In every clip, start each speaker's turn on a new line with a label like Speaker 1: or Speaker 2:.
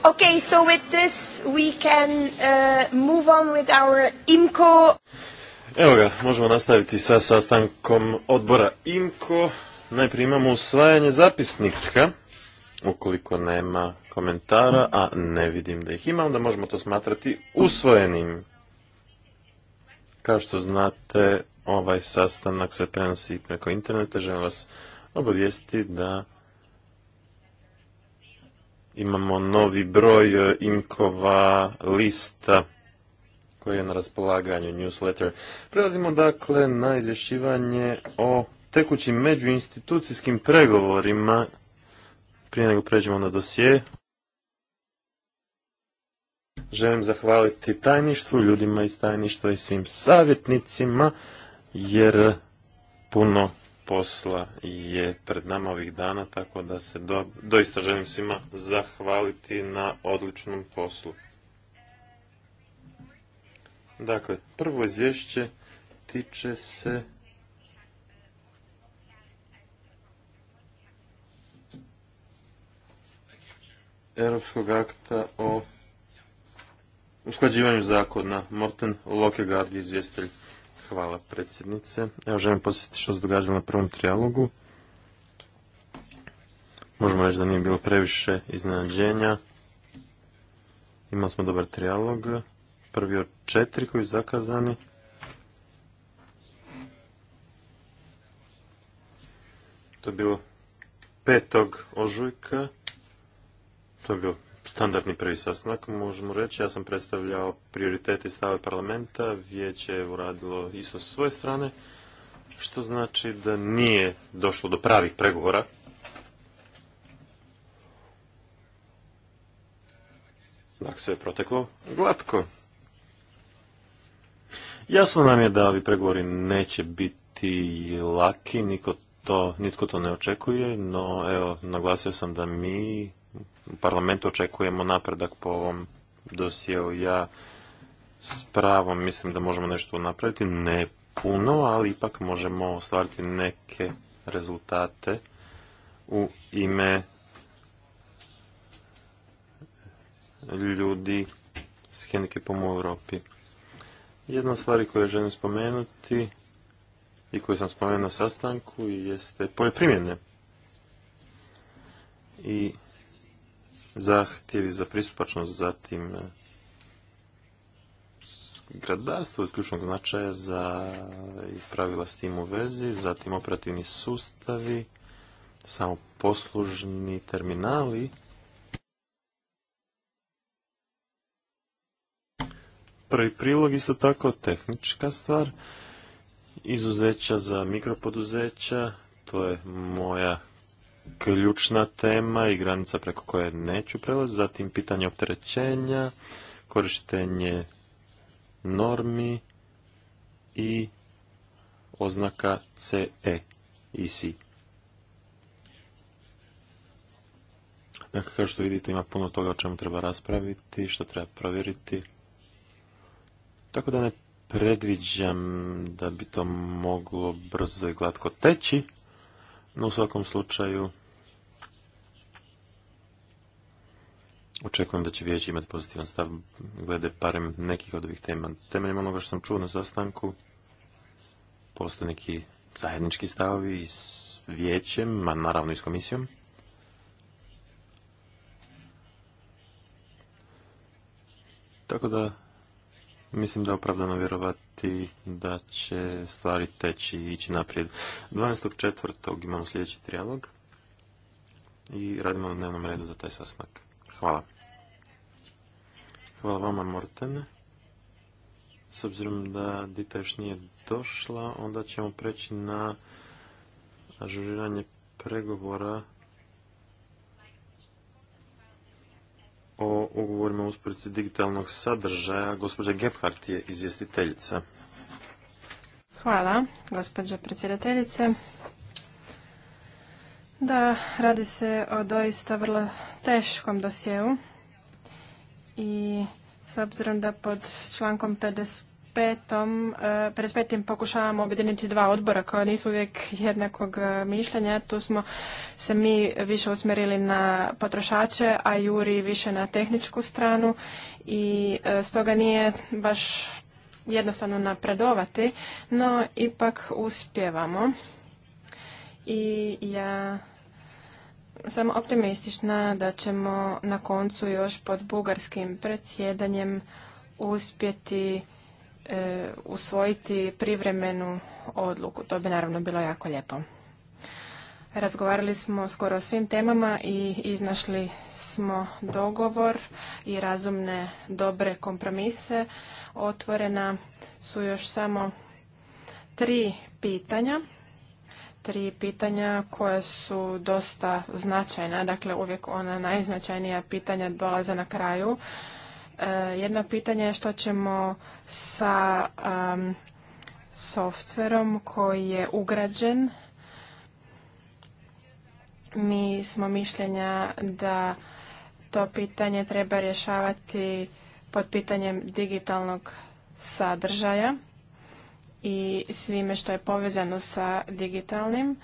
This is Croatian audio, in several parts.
Speaker 1: Okay, so with this we
Speaker 2: can uh, move on with our
Speaker 3: Evo ga, možemo nastaviti sa sastankom odbora IMCO. Najprije imamo usvajanje zapisnika, ukoliko nema komentara, a ne vidim da ih ima, onda možemo to smatrati usvojenim. Kao što znate, ovaj sastanak se prenosi preko interneta, želim vas obavijestiti da Imamo novi broj e, imkova lista koji je na raspolaganju, newsletter. Prelazimo dakle na izvješćivanje o tekućim međuinstitucijskim pregovorima. Prije nego pređemo na dosije. Želim zahvaliti tajništvu, ljudima iz tajništva i svim savjetnicima, jer puno posla je pred nama ovih dana, tako da se do, doista želim svima zahvaliti na odličnom poslu. Dakle, prvo izvješće tiče se Europskog akta o usklađivanju zakona. Morten Lokegard, izvjestelj. Hvala predsjednice. Ja želim posjetiti što se događalo na prvom trijalogu. Možemo reći da nije bilo previše iznenađenja. Imali smo dobar trijalog. Prvi od četiri koji su zakazani. To je bilo petog ožujka. To je bilo standardni prvi sastanak, možemo reći. Ja sam predstavljao prioritete i stave parlamenta, vijeće je uradilo isto sa svoje strane, što znači da nije došlo do pravih pregovora. Dakle, sve je proteklo glatko. Jasno nam je da ovi pregovori neće biti laki, niko to, nitko to ne očekuje, no evo, naglasio sam da mi u parlamentu očekujemo napredak po ovom dosjeu. Ja s pravom mislim da možemo nešto napraviti, ne puno, ali ipak možemo ostvariti neke rezultate u ime ljudi s hendikepom u Europi. Jedna stvari koju želim spomenuti i koju sam spomenuo na sastanku jeste poljoprimjene. I zahtjevi za pristupačnost, zatim e, gradarstvo od ključnog značaja za e, i pravila s tim u vezi, zatim operativni sustavi, samoposlužni terminali, prvi prilog isto tako tehnička stvar, izuzeća za mikropoduzeća, to je moja ključna tema i granica preko koje neću prelaziti. Zatim pitanje opterećenja, korištenje normi i oznaka CE i C. Dakle, kao što vidite, ima puno toga o čemu treba raspraviti, što treba provjeriti. Tako da ne predviđam da bi to moglo brzo i glatko teći, no u svakom slučaju Očekujem da će vijeće imati pozitivan stav glede parem nekih od ovih tema. Temeljem onoga što sam čuo na sastanku, postoje neki zajednički stavovi s vijećem, a naravno i s komisijom. Tako da mislim da je opravdano vjerovati da će stvari teći i ići naprijed. 12.4. imamo sljedeći trijalog i radimo na dnevnom redu za taj sastanak. Hvala. Hvala vama, Morten. S obzirom da Dita još nije došla, onda ćemo preći na ažuriranje pregovora o ugovorima usporici digitalnog sadržaja. Gospođa Gebhardt je izvjestiteljica.
Speaker 2: Hvala, gospođa predsjedateljice. Da, radi se o doista vrlo teškom dosjeu i s obzirom da pod člankom 55. 55. Eh, pokušavamo objediniti dva odbora koja nisu uvijek jednakog eh, mišljenja. Tu smo se mi više usmjerili na potrošače, a Juri više na tehničku stranu i eh, stoga nije baš jednostavno napredovati, no ipak uspjevamo. I ja sam optimistična da ćemo na koncu još pod bugarskim predsjedanjem uspjeti e, usvojiti privremenu odluku. To bi naravno bilo jako lijepo. Razgovarali smo skoro o svim temama i iznašli smo dogovor i razumne dobre kompromise. Otvorena su još samo tri pitanja tri pitanja koja su dosta značajna, dakle uvijek ona najznačajnija pitanja dolaze na kraju. E, jedno pitanje je što ćemo sa softverom koji je ugrađen. Mi smo mišljenja da to pitanje treba rješavati pod pitanjem digitalnog sadržaja i svime što je povezano sa digitalnim,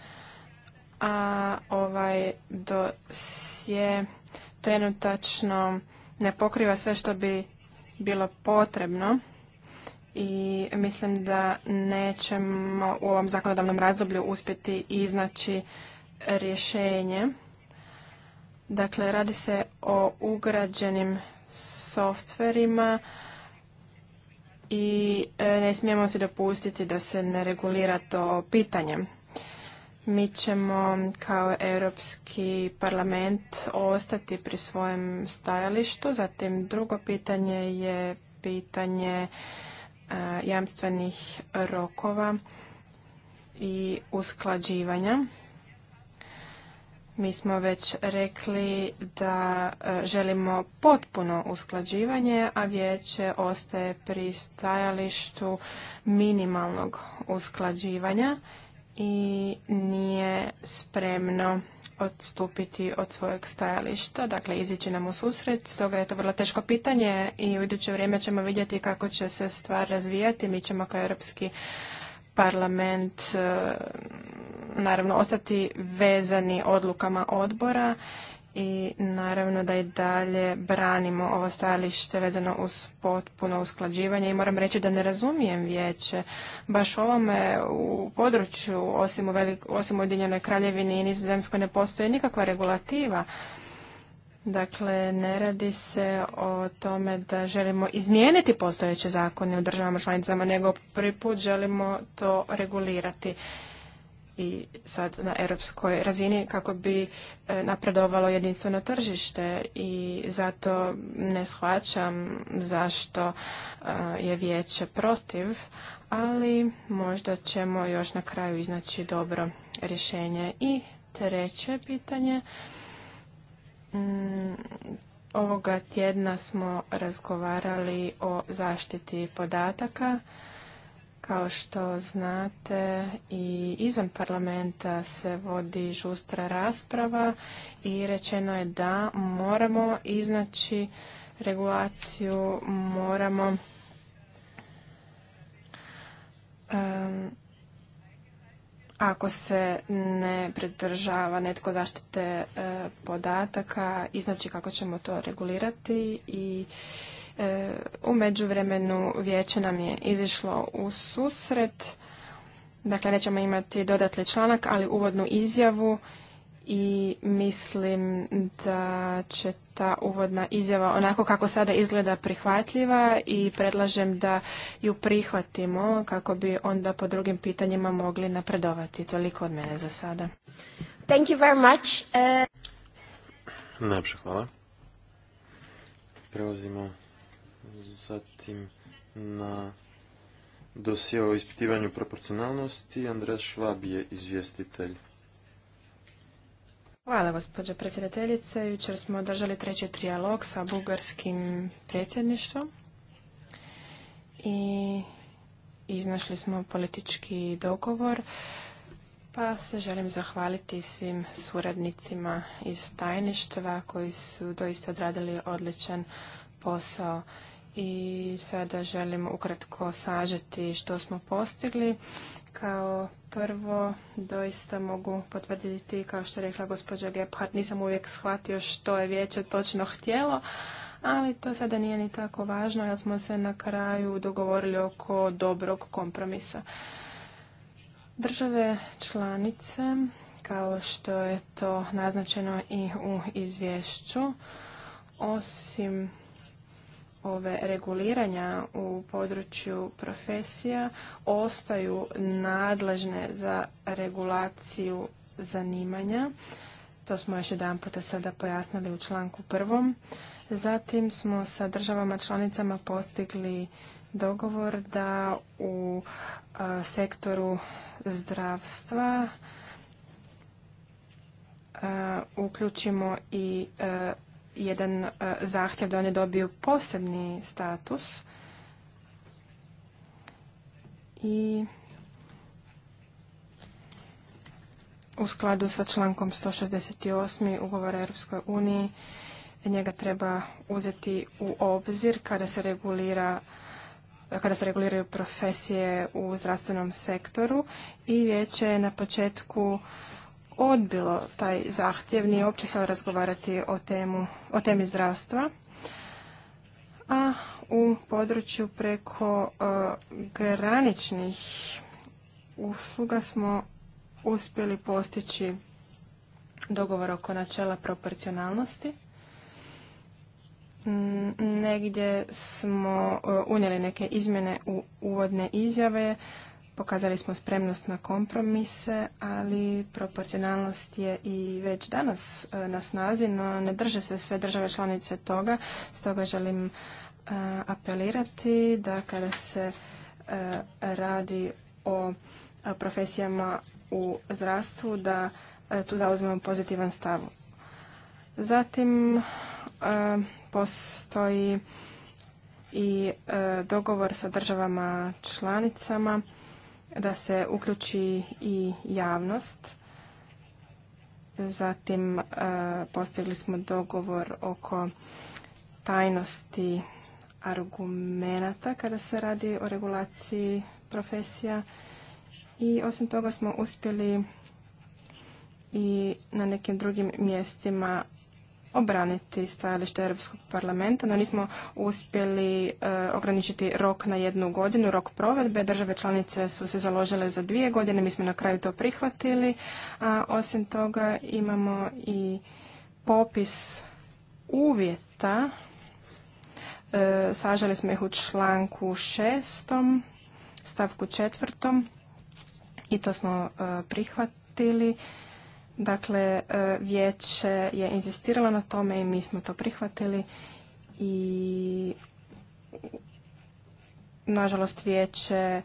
Speaker 2: a ovaj dosje trenutačno ne pokriva sve što bi bilo potrebno i mislim da nećemo u ovom zakonodavnom razdoblju uspjeti iznaći rješenje. Dakle, radi se o ugrađenim softverima i e, ne smijemo se dopustiti da se ne regulira to pitanje. Mi ćemo kao Europski parlament ostati pri svojem stajalištu. Zatim drugo pitanje je pitanje e, jamstvenih rokova i usklađivanja. Mi smo već rekli da e, želimo potpuno usklađivanje, a vijeće ostaje pri stajalištu minimalnog usklađivanja i nije spremno odstupiti od svojeg stajališta, dakle izići nam u susret, stoga je to vrlo teško pitanje i u iduće vrijeme ćemo vidjeti kako će se stvar razvijati. Mi ćemo kao Europski parlament e, naravno ostati vezani odlukama odbora i naravno da i dalje branimo ovo stajalište vezano uz potpuno usklađivanje i moram reći da ne razumijem vijeće baš ovome u području osim velik, osim u Ujedinjenoj kraljevini i Nizozemskoj ne postoji nikakva regulativa Dakle, ne radi se o tome da želimo izmijeniti postojeće zakone u državama članicama, nego prvi put želimo to regulirati i sad na europskoj razini kako bi e, napredovalo jedinstveno tržište i zato ne shvaćam zašto e, je vijeće protiv, ali možda ćemo još na kraju iznaći dobro rješenje. I treće pitanje. Mm, ovoga tjedna smo razgovarali o zaštiti podataka kao što znate i izvan parlamenta se vodi žustra rasprava i rečeno je da moramo iznaći regulaciju, moramo ako se ne pridržava netko zaštite eh, podataka, iznaći kako ćemo to regulirati i E, u međuvremenu vijeće nam je izišlo u susret, dakle nećemo imati dodatni članak, ali uvodnu izjavu i mislim da će ta uvodna izjava onako kako sada izgleda prihvatljiva i predlažem da ju prihvatimo kako bi onda po drugim pitanjima mogli napredovati. Toliko od mene za sada. Thank you very much. E,
Speaker 3: hvala. Prelazimo zatim na dosije o ispitivanju proporcionalnosti. Andres Švab je izvjestitelj.
Speaker 2: Hvala, gospođo predsjedateljice. Jučer smo održali treći trijalog sa bugarskim predsjedništvom i iznašli smo politički dogovor. Pa se želim zahvaliti svim suradnicima iz tajništva koji su doista odradili odličan posao i sada želim ukratko sažeti što smo postigli. Kao prvo, doista mogu potvrditi, kao što je rekla gospođa Gebhardt, nisam uvijek shvatio što je vijeće točno htjelo, ali to sada nije ni tako važno, jer smo se na kraju dogovorili oko dobrog kompromisa. Države članice, kao što je to naznačeno i u izvješću, osim ove reguliranja u području profesija ostaju nadležne za regulaciju zanimanja. To smo još jedan puta sada pojasnili u članku prvom. Zatim smo sa državama članicama postigli dogovor da u sektoru zdravstva uključimo i jedan e, zahtjev da oni dobiju posebni status i u skladu sa člankom 168. ugovora Europskoj uniji njega treba uzeti u obzir kada se regulira kada se reguliraju profesije u zdravstvenom sektoru i vijeće je na početku odbilo taj zahtjev, nije uopće htjelo razgovarati o, temu, o temi zdravstva. A u području preko e, graničnih usluga smo uspjeli postići dogovor oko načela proporcionalnosti. Negdje smo e, unijeli neke izmjene u uvodne izjave, Pokazali smo spremnost na kompromise, ali proporcionalnost je i već danas e, na snazi, no ne drže se sve države članice toga. Stoga želim e, apelirati da kada se e, radi o profesijama u zdravstvu, da tu zauzmemo pozitivan stav. Zatim postoji i dogovor sa državama članicama da se uključi i javnost. Zatim e, postigli smo dogovor oko tajnosti argumenata kada se radi o regulaciji profesija i osim toga smo uspjeli i na nekim drugim mjestima obraniti stajalište Europskog parlamenta, no nismo uspjeli eh, ograničiti rok na jednu godinu, rok provedbe. Države članice su se založile za dvije godine, mi smo na kraju to prihvatili, a osim toga imamo i popis uvjeta, eh, saželi smo ih u članku šestom, stavku četvrtom i to smo eh, prihvatili Dakle, e, vijeće je inzistiralo na tome i mi smo to prihvatili i nažalost vijeće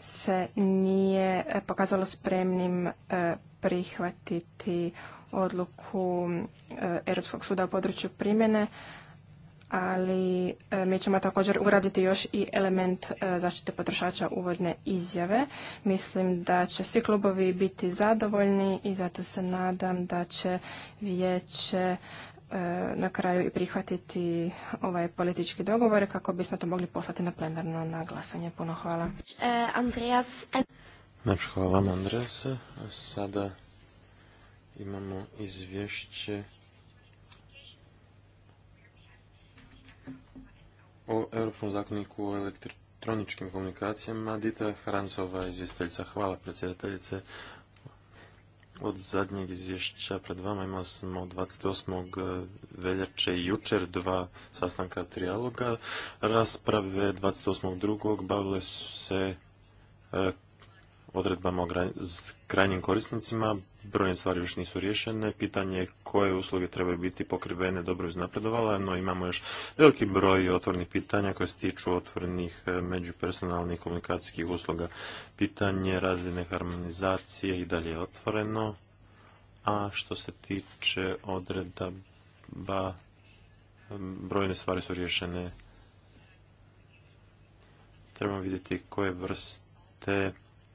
Speaker 2: se nije pokazalo spremnim e, prihvatiti odluku e, Europskog suda u području primjene ali e, mi ćemo također uraditi još i element e, zaštite potrošača uvodne izjave. Mislim da će svi klubovi biti zadovoljni i zato se nadam da će vijeće e, na kraju i prihvatiti ovaj politički dogovor kako bismo to mogli poslati na plenarno na glasanje. Puno hvala.
Speaker 3: Andreas. hvala vam, Andreas. Sada imamo izvješće o Europskom zakoniku o elektroničkim komunikacijama. Dita Hrancova, izvjestiteljica. Hvala predsjedateljice. Od zadnjeg izvješća pred vama imali smo 28. Eh, veljače i jučer dva sastanka trijaloga. Rasprave 28.2. bavile su se eh, odredbama o krajnjim korisnicima, brojne stvari još nisu riješene. Pitanje je koje usluge trebaju biti pokrivene, dobro iznapredovala, no imamo još veliki broj otvornih pitanja koje se tiču otvorenih e, međupersonalnih komunikacijskih usluga. Pitanje razine harmonizacije i dalje je otvoreno. A što se tiče odredaba, brojne stvari su riješene. Trebamo vidjeti koje vrste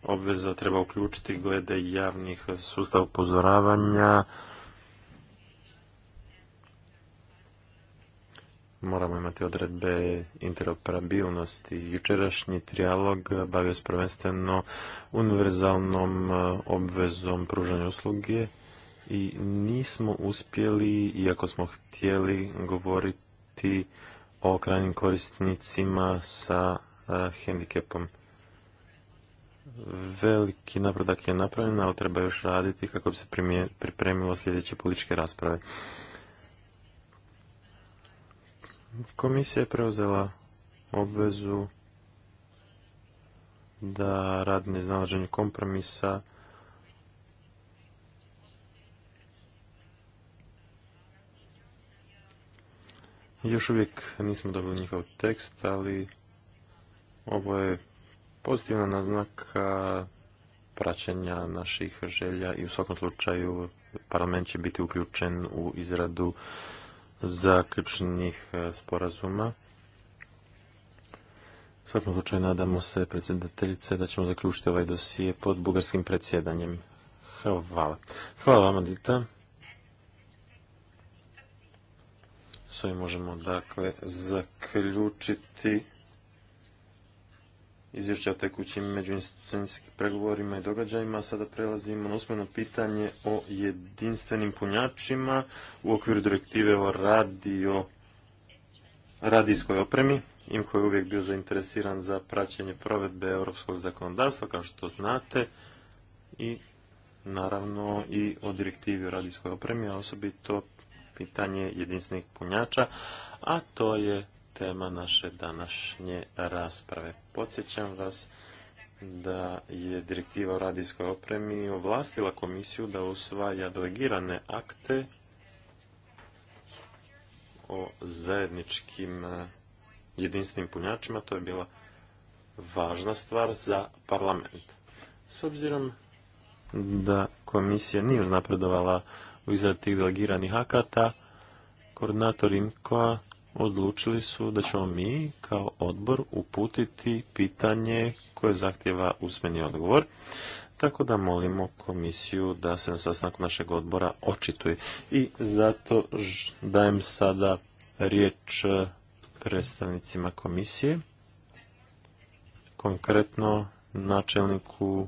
Speaker 3: obveza treba uključiti glede javnih sustava upozoravanja. Moramo imati odredbe interoperabilnosti. Jučerašnji trijalog bavio se prvenstveno univerzalnom e, obvezom pružanja usluge i nismo uspjeli, iako smo htjeli govoriti o krajnim korisnicima sa e, hendikepom veliki napredak je napravljen, ali treba još raditi kako bi se pripremilo sljedeće političke rasprave. Komisija je preuzela obvezu da radi na iznalaženju kompromisa Još uvijek nismo dobili njihov tekst, ali ovo je pozitivna naznaka praćenja naših želja i u svakom slučaju parlament će biti uključen u izradu zaključnih e, sporazuma. U svakom slučaju nadamo se predsjedateljice da ćemo zaključiti ovaj dosije pod bugarskim predsjedanjem. Hvala. Hvala vam, Adita. Sve možemo dakle zaključiti izvješća o tekućim međuinstitucijskim pregovorima i događajima. Sada prelazimo na usmeno pitanje o jedinstvenim punjačima u okviru direktive o radio, radijskoj opremi. Im koji je uvijek bio zainteresiran za praćenje provedbe europskog zakonodavstva, kao što znate, i naravno i o direktivi o radijskoj opremi, a osobito pitanje jedinstvenih punjača, a to je tema naše današnje rasprave. Podsjećam vas da je direktiva o radijskoj opremi ovlastila komisiju da usvaja delegirane akte o zajedničkim e, jedinstvenim punjačima. To je bila važna stvar za parlament. S obzirom da komisija nije napredovala u izradi tih delegiranih akata, koordinator IMKOA odlučili su da ćemo mi kao odbor uputiti pitanje koje zahtjeva usmeni odgovor. Tako da molimo komisiju da se na sastanku našeg odbora očituje. I zato dajem sada riječ e, predstavnicima komisije, konkretno načelniku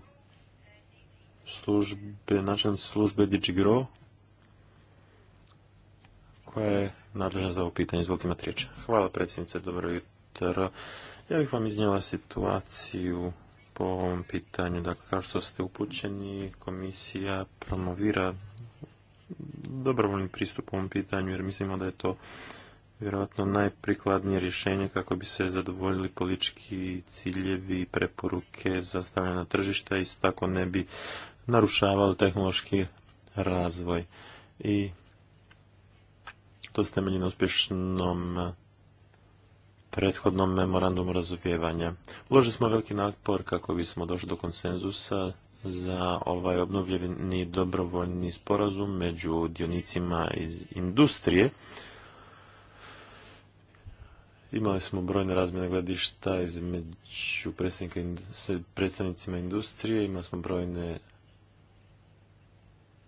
Speaker 3: službe, načelnici službe DigiGro, koja je nadležan za ovo pitanje. Izvolite imati riječ. Hvala predsjednice, dobro jutro. Ja bih vam iznijela situaciju po ovom pitanju. Dakle, kao što ste upućeni, komisija promovira dobrovoljni pristup ovom pitanju, jer mislimo da je to vjerojatno najprikladnije rješenje kako bi se zadovoljili politički ciljevi i preporuke za stavljanje tržišta, isto tako ne bi narušavali tehnološki razvoj. I to se temelji na uspješnom eh, prethodnom memorandumu razumijevanja. Uložili smo veliki napor kako bismo došli do konsenzusa za ovaj obnovljeni dobrovoljni sporazum među dionicima iz industrije. Imali smo brojne razmjene gledišta između predstavnicima industrije, imali smo brojne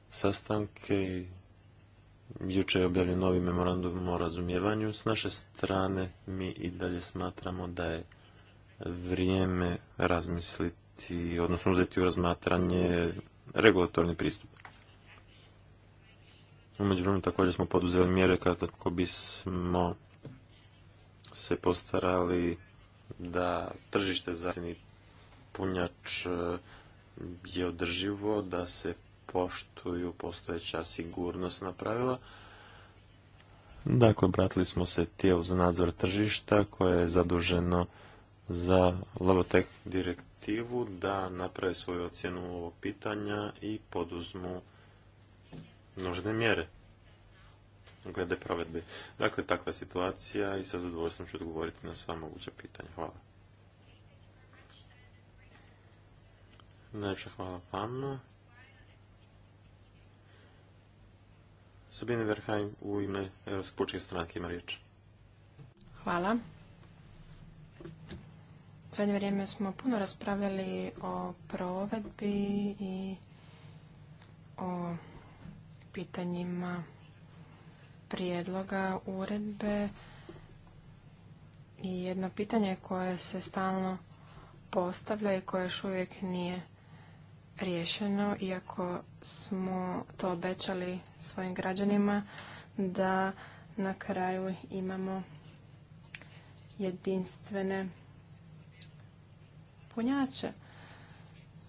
Speaker 3: sastanke i Jučer je objavljen novi memorandum o razumijevanju. S naše strane mi i dalje smatramo da je vrijeme razmisliti, odnosno uzeti u razmatranje regulatorni pristup. Umeđu vremenu također smo poduzeli mjere kako bismo se postarali da tržište za punjač e, je održivo, da se poštuju postojeća sigurnosna pravila. Dakle, obratili smo se tijelu za nadzor tržišta koje je zaduženo za Lobotek direktivu da naprave svoju ocjenu ovog pitanja i poduzmu nužne mjere glede provedbe. Dakle, takva je situacija i sa zadovoljstvom ću odgovoriti na sva moguća pitanja. Hvala. Najljepša hvala vama. Sabine Verheim u ime Europske stranke ima riječ.
Speaker 2: Hvala. zadnje vrijeme smo puno raspravljali o provedbi i o pitanjima prijedloga uredbe i jedno pitanje koje se stalno postavlja i koje još uvijek nije riješeno, iako smo to obećali svojim građanima, da na kraju imamo jedinstvene punjače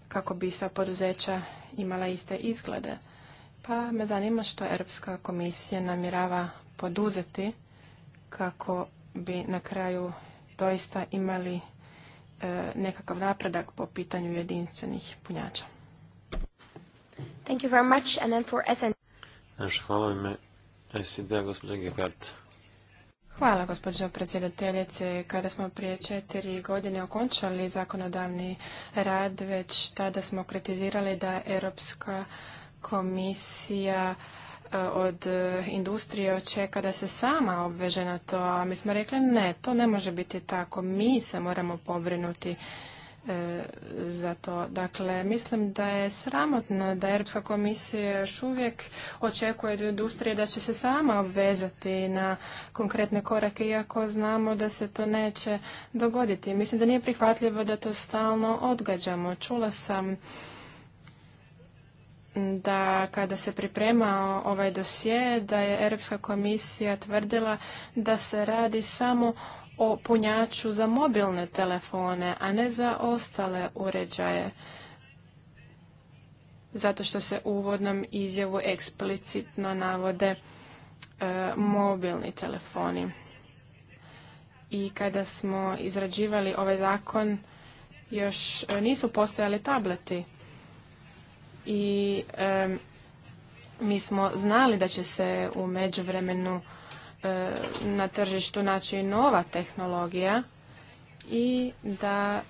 Speaker 2: kako bi sva poduzeća imala iste izglede. Pa me zanima što Europska komisija namjerava poduzeti kako bi na kraju doista imali e, nekakav napredak po pitanju jedinstvenih punjača. Thank you very much. And then for SN...
Speaker 3: Znači, hvala ime gospođa
Speaker 2: Hvala, gospođo predsjedateljice. Kada smo prije četiri godine okončali zakonodavni rad, već tada smo kritizirali da Europska komisija e, od e, industrije očeka da se sama obveže na to, a mi smo rekli ne, to ne može biti tako, mi se moramo pobrinuti E, za to. Dakle, mislim da je sramotno da Europska komisija još uvijek očekuje od industrije da će se sama obvezati na konkretne korake, iako znamo da se to neće dogoditi. Mislim da nije prihvatljivo da to stalno odgađamo. Čula sam da kada se pripremao ovaj dosje, da je Europska komisija tvrdila da se radi samo o punjaču za mobilne telefone, a ne za ostale uređaje. Zato što se u uvodnom izjavu eksplicitno navode e, mobilni telefoni. I kada smo izrađivali ovaj zakon, još nisu postojali tableti. I e, mi smo znali da će se u međuvremenu E, na tržištu naći nova tehnologija i da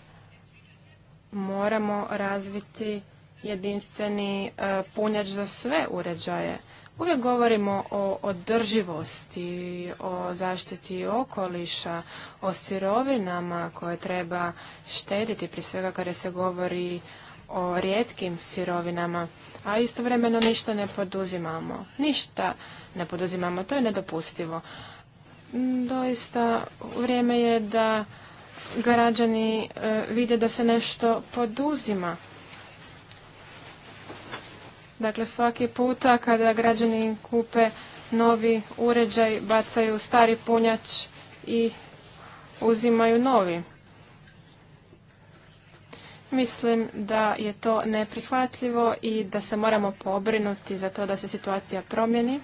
Speaker 2: moramo razviti jedinstveni e, punjač za sve uređaje. Uvijek govorimo o održivosti, o zaštiti okoliša, o sirovinama koje treba štediti, prije svega kada se govori o rijetkim sirovinama a istovremeno ništa ne poduzimamo. Ništa ne poduzimamo, to je nedopustivo. Mm, doista vrijeme je da građani e, vide da se nešto poduzima. Dakle, svaki puta kada građani kupe novi uređaj, bacaju stari punjač i uzimaju novi. Mislim da je to neprihvatljivo i da se moramo pobrinuti za to da se situacija promjeni.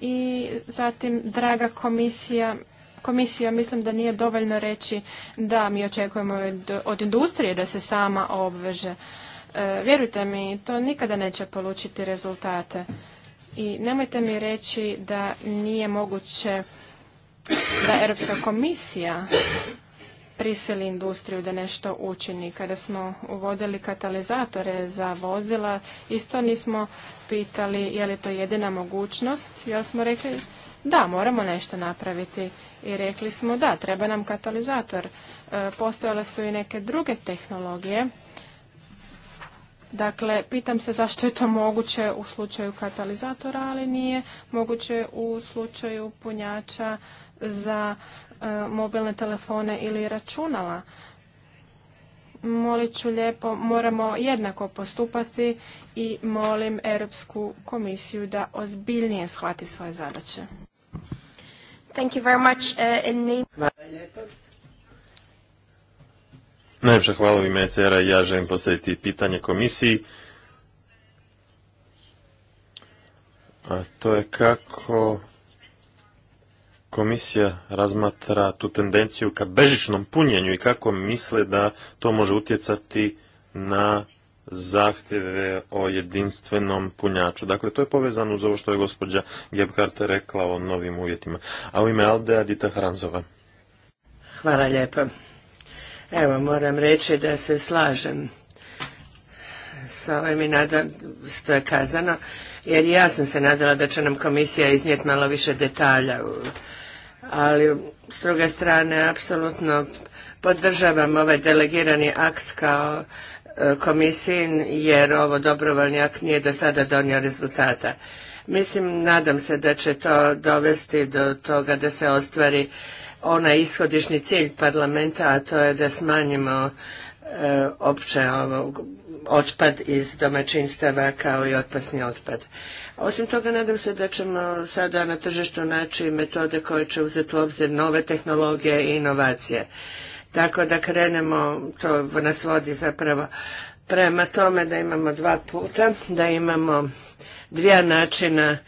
Speaker 2: I zatim, draga komisija, komisija mislim da nije dovoljno reći da mi očekujemo od industrije da se sama obveže. E, vjerujte mi, to nikada neće polučiti rezultate. I nemojte mi reći da nije moguće da Europska komisija prisili industriju da nešto učini. Kada smo uvodili katalizatore za vozila, isto nismo pitali je li to jedina mogućnost, jer smo rekli da, moramo nešto napraviti. I rekli smo da, treba nam katalizator. E, postojale su i neke druge tehnologije. Dakle, pitam se zašto je to moguće u slučaju katalizatora, ali nije moguće u slučaju punjača za e, mobilne telefone ili računala. Molit ću lijepo, moramo jednako postupati i molim Europsku komisiju da ozbiljnije shvati svoje zadaće. Thank you very much.
Speaker 3: Uh, hvala u ime Ja želim postaviti pitanje komisiji. A to je kako komisija razmatra tu tendenciju ka bežičnom punjenju i kako misle da to može utjecati na zahtjeve o jedinstvenom punjaču. Dakle, to je povezano uz ovo što je gospođa Gebhardt rekla o novim uvjetima. A u ime Aldea Dita Hranzova.
Speaker 1: Hvala lijepo. Evo, moram reći da se slažem sa ovim i nadam što je kazano, jer ja sam se nadala da će nam komisija iznijeti malo više detalja u ali s druge strane apsolutno podržavam ovaj delegirani akt kao e, komisijin jer ovo dobrovoljni akt nije do sada donio rezultata. Mislim, nadam se da će to dovesti do toga da se ostvari onaj ishodišni cilj parlamenta, a to je da smanjimo e, opće otpad iz domaćinstava kao i otpasni otpad. Osim toga, nadam se da ćemo sada na tržištu naći metode koje će uzeti u obzir nove tehnologije i inovacije. Tako da krenemo, to nas vodi zapravo prema tome da imamo dva puta, da imamo dvija načina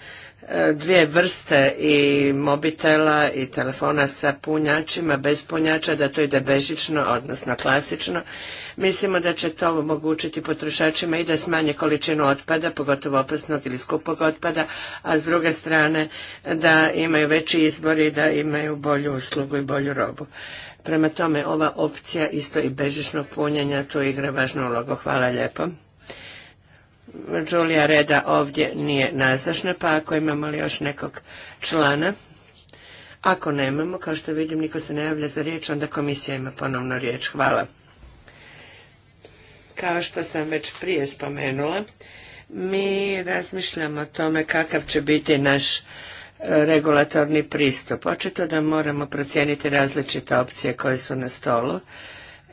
Speaker 1: dvije vrste i mobitela i telefona sa punjačima, bez punjača, da to ide bežično, odnosno klasično. Mislimo da će to omogućiti potrošačima i da smanje količinu otpada, pogotovo opasnog ili skupog otpada, a s druge strane da imaju veći izbor i da imaju bolju uslugu i bolju robu. Prema tome, ova opcija isto i bežičnog punjenja tu igra važnu ulogu. Hvala lijepo. Julija Reda ovdje nije nazočna. pa ako imamo li još nekog člana, ako nemamo, kao što vidim, niko se ne javlja za riječ, onda komisija ima ponovno riječ. Hvala. Kao što sam već prije spomenula, mi razmišljamo o tome kakav će biti naš e, regulatorni pristup. Očito da moramo procijeniti različite opcije koje su na stolu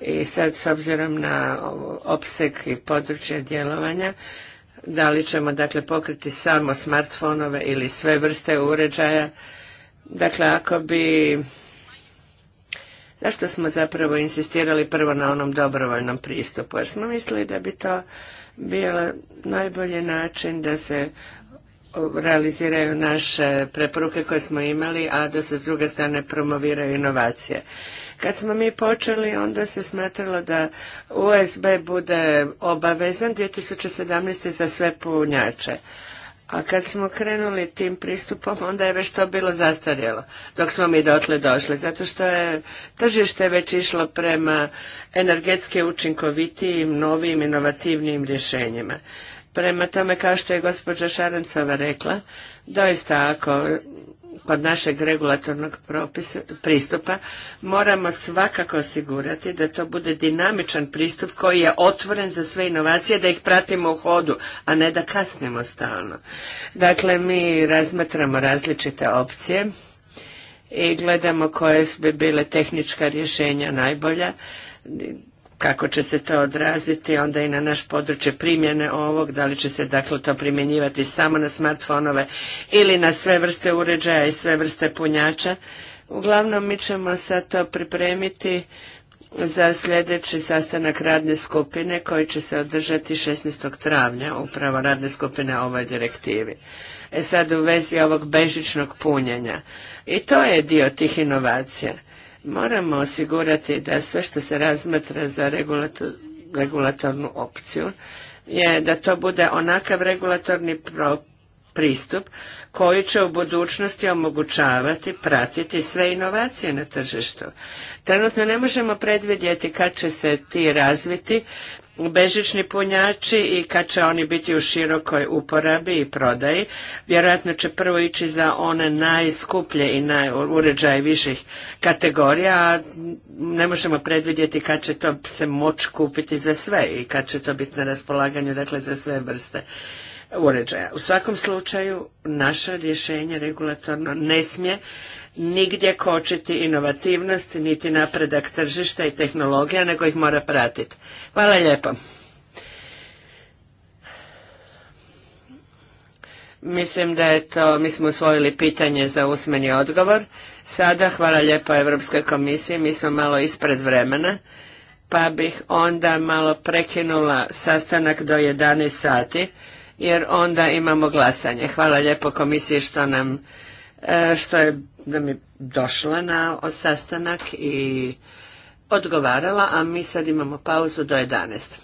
Speaker 1: i sad s obzirom na opseg i područje djelovanja da li ćemo dakle pokriti samo smartfonove ili sve vrste uređaja. Dakle, ako bi Zašto smo zapravo insistirali prvo na onom dobrovoljnom pristupu? Jer smo mislili da bi to bio najbolji način da se realiziraju naše preporuke koje smo imali, a da se s druge strane promoviraju inovacije. Kad smo mi počeli, onda se smatralo da USB bude obavezan 2017. za sve punjače. A kad smo krenuli tim pristupom, onda je već to bilo zastarjelo, dok smo mi dotle došli, zato što je tržište već išlo prema energetske učinkovitijim, novim, inovativnim rješenjima. Prema tome, kao što je gospođa Šarencova rekla, doista ako kod našeg regulatornog propisa, pristupa moramo svakako osigurati da to bude dinamičan pristup koji je otvoren za sve inovacije, da ih pratimo u hodu, a ne da kasnimo stalno. Dakle, mi razmatramo različite opcije i gledamo koje bi bile tehnička rješenja najbolja kako će se to odraziti onda i na naš područje primjene ovog, da li će se dakle to primjenjivati samo na smartfonove ili na sve vrste uređaja i sve vrste punjača. Uglavnom mi ćemo sad to pripremiti za sljedeći sastanak radne skupine koji će se održati 16. travnja, upravo radne skupine ovoj direktivi. E sad u vezi ovog bežičnog punjenja. I to je dio tih inovacija. Moramo osigurati da sve što se razmatra za regulatornu opciju je da to bude onakav regulatorni pristup koji će u budućnosti omogućavati, pratiti sve inovacije na tržištu. Trenutno ne možemo predvidjeti kad će se ti razviti bežični punjači i kad će oni biti u širokoj uporabi i prodaji. Vjerojatno će prvo ići za one najskuplje i naj, viših kategorija, a ne možemo predvidjeti kad će to se moći kupiti za sve i kad će to biti na raspolaganju dakle, za sve vrste uređaja. U svakom slučaju naše rješenje regulatorno ne smije nigdje kočiti inovativnost niti napredak tržišta i tehnologija nego ih mora pratiti. Hvala lijepo. Mislim da je to, mi smo usvojili pitanje za usmeni odgovor. Sada hvala lijepo Europskoj komisiji, mi smo malo ispred vremena, pa bih onda malo prekinula sastanak do 11 sati jer onda imamo glasanje. Hvala lijepo komisiji što nam e, što je nam je došla na sastanak i odgovarala, a mi sad imamo pauzu do 11.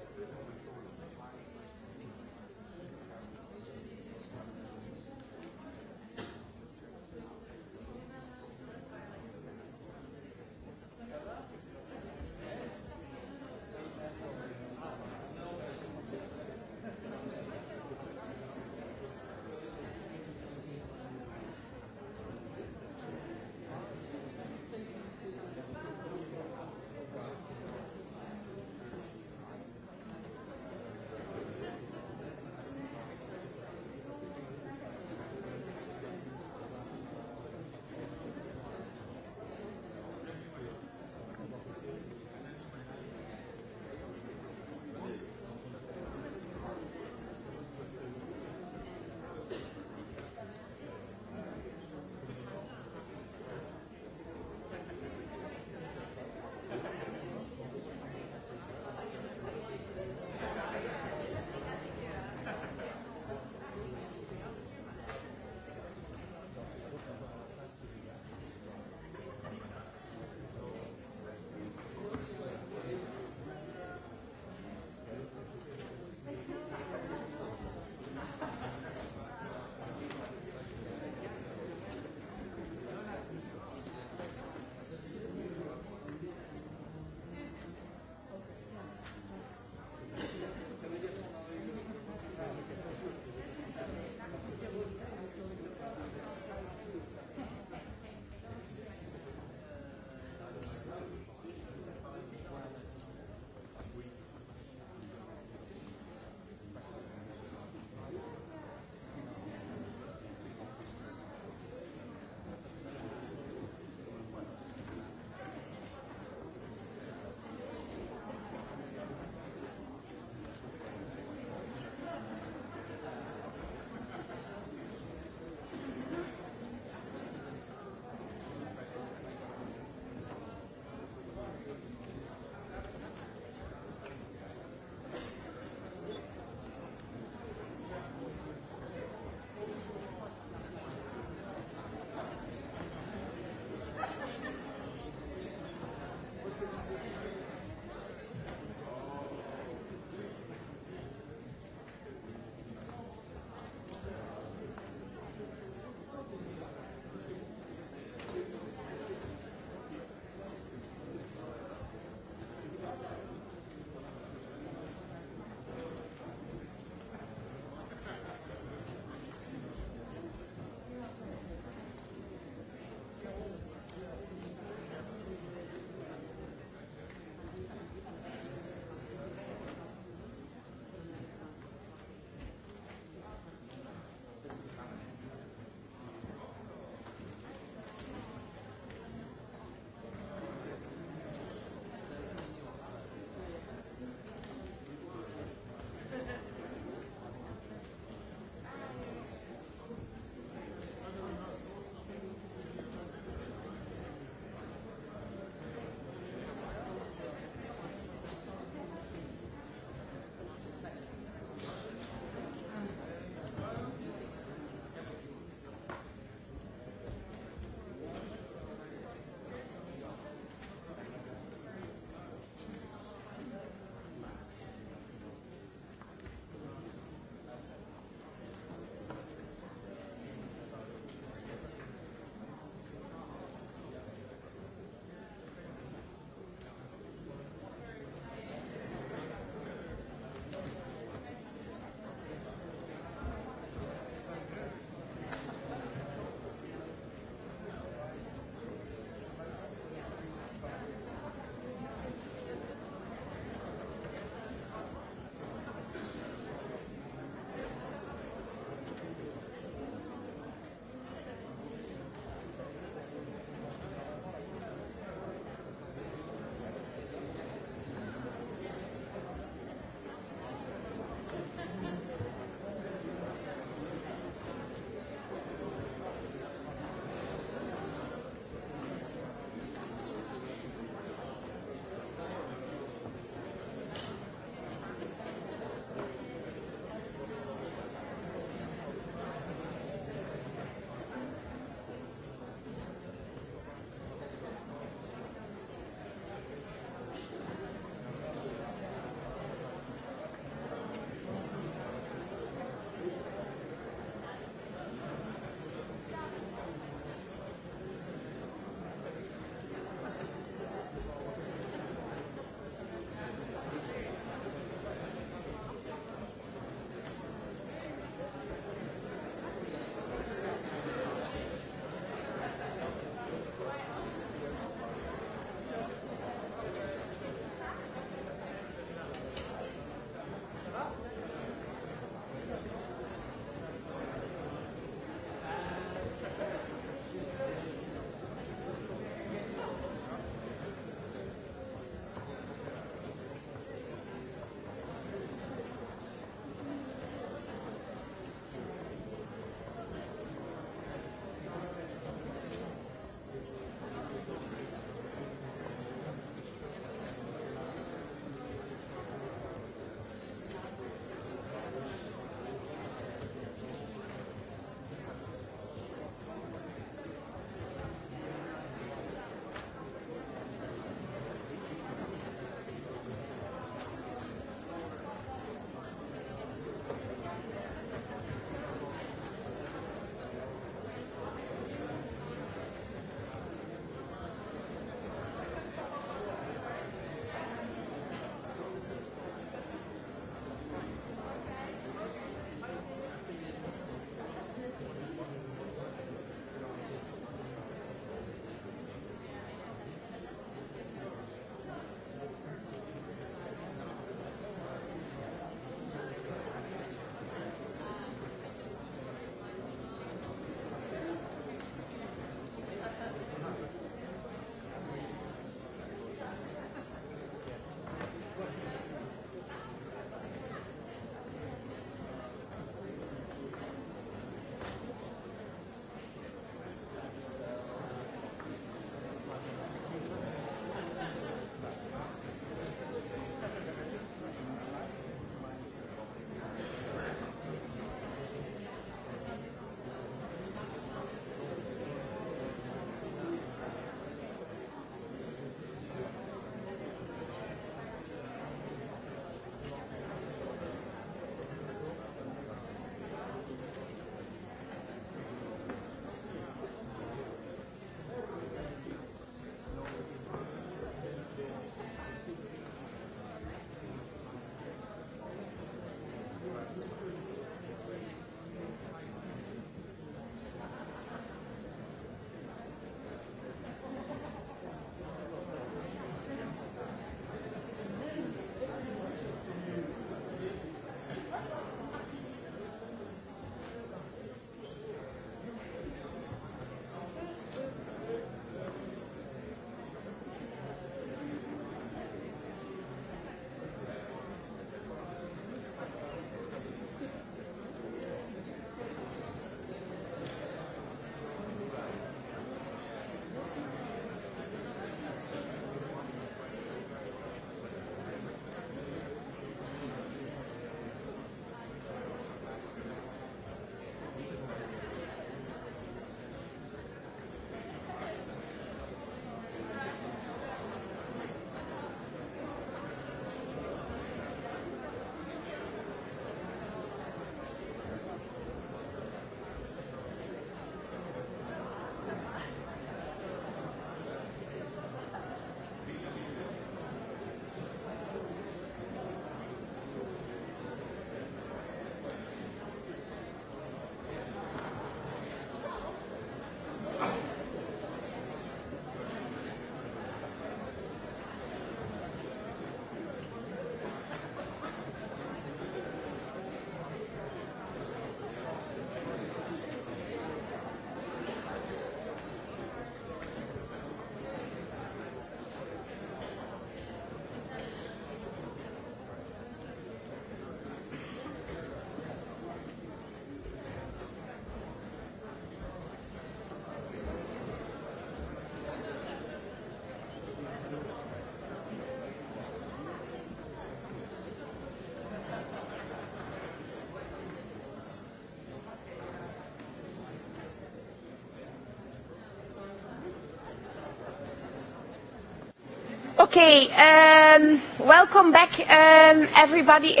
Speaker 2: Okay, um, welcome back um, everybody.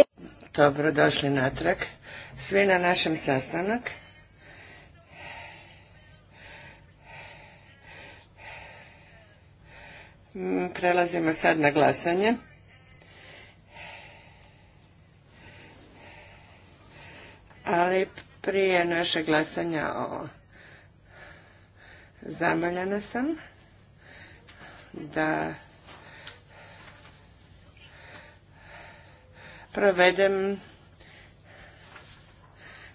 Speaker 1: Dobro, došli natrag. Svi na našem sastanak. Mm, prelazimo sad na glasanje. Ali prije naše glasanja o zamaljena sam da provedem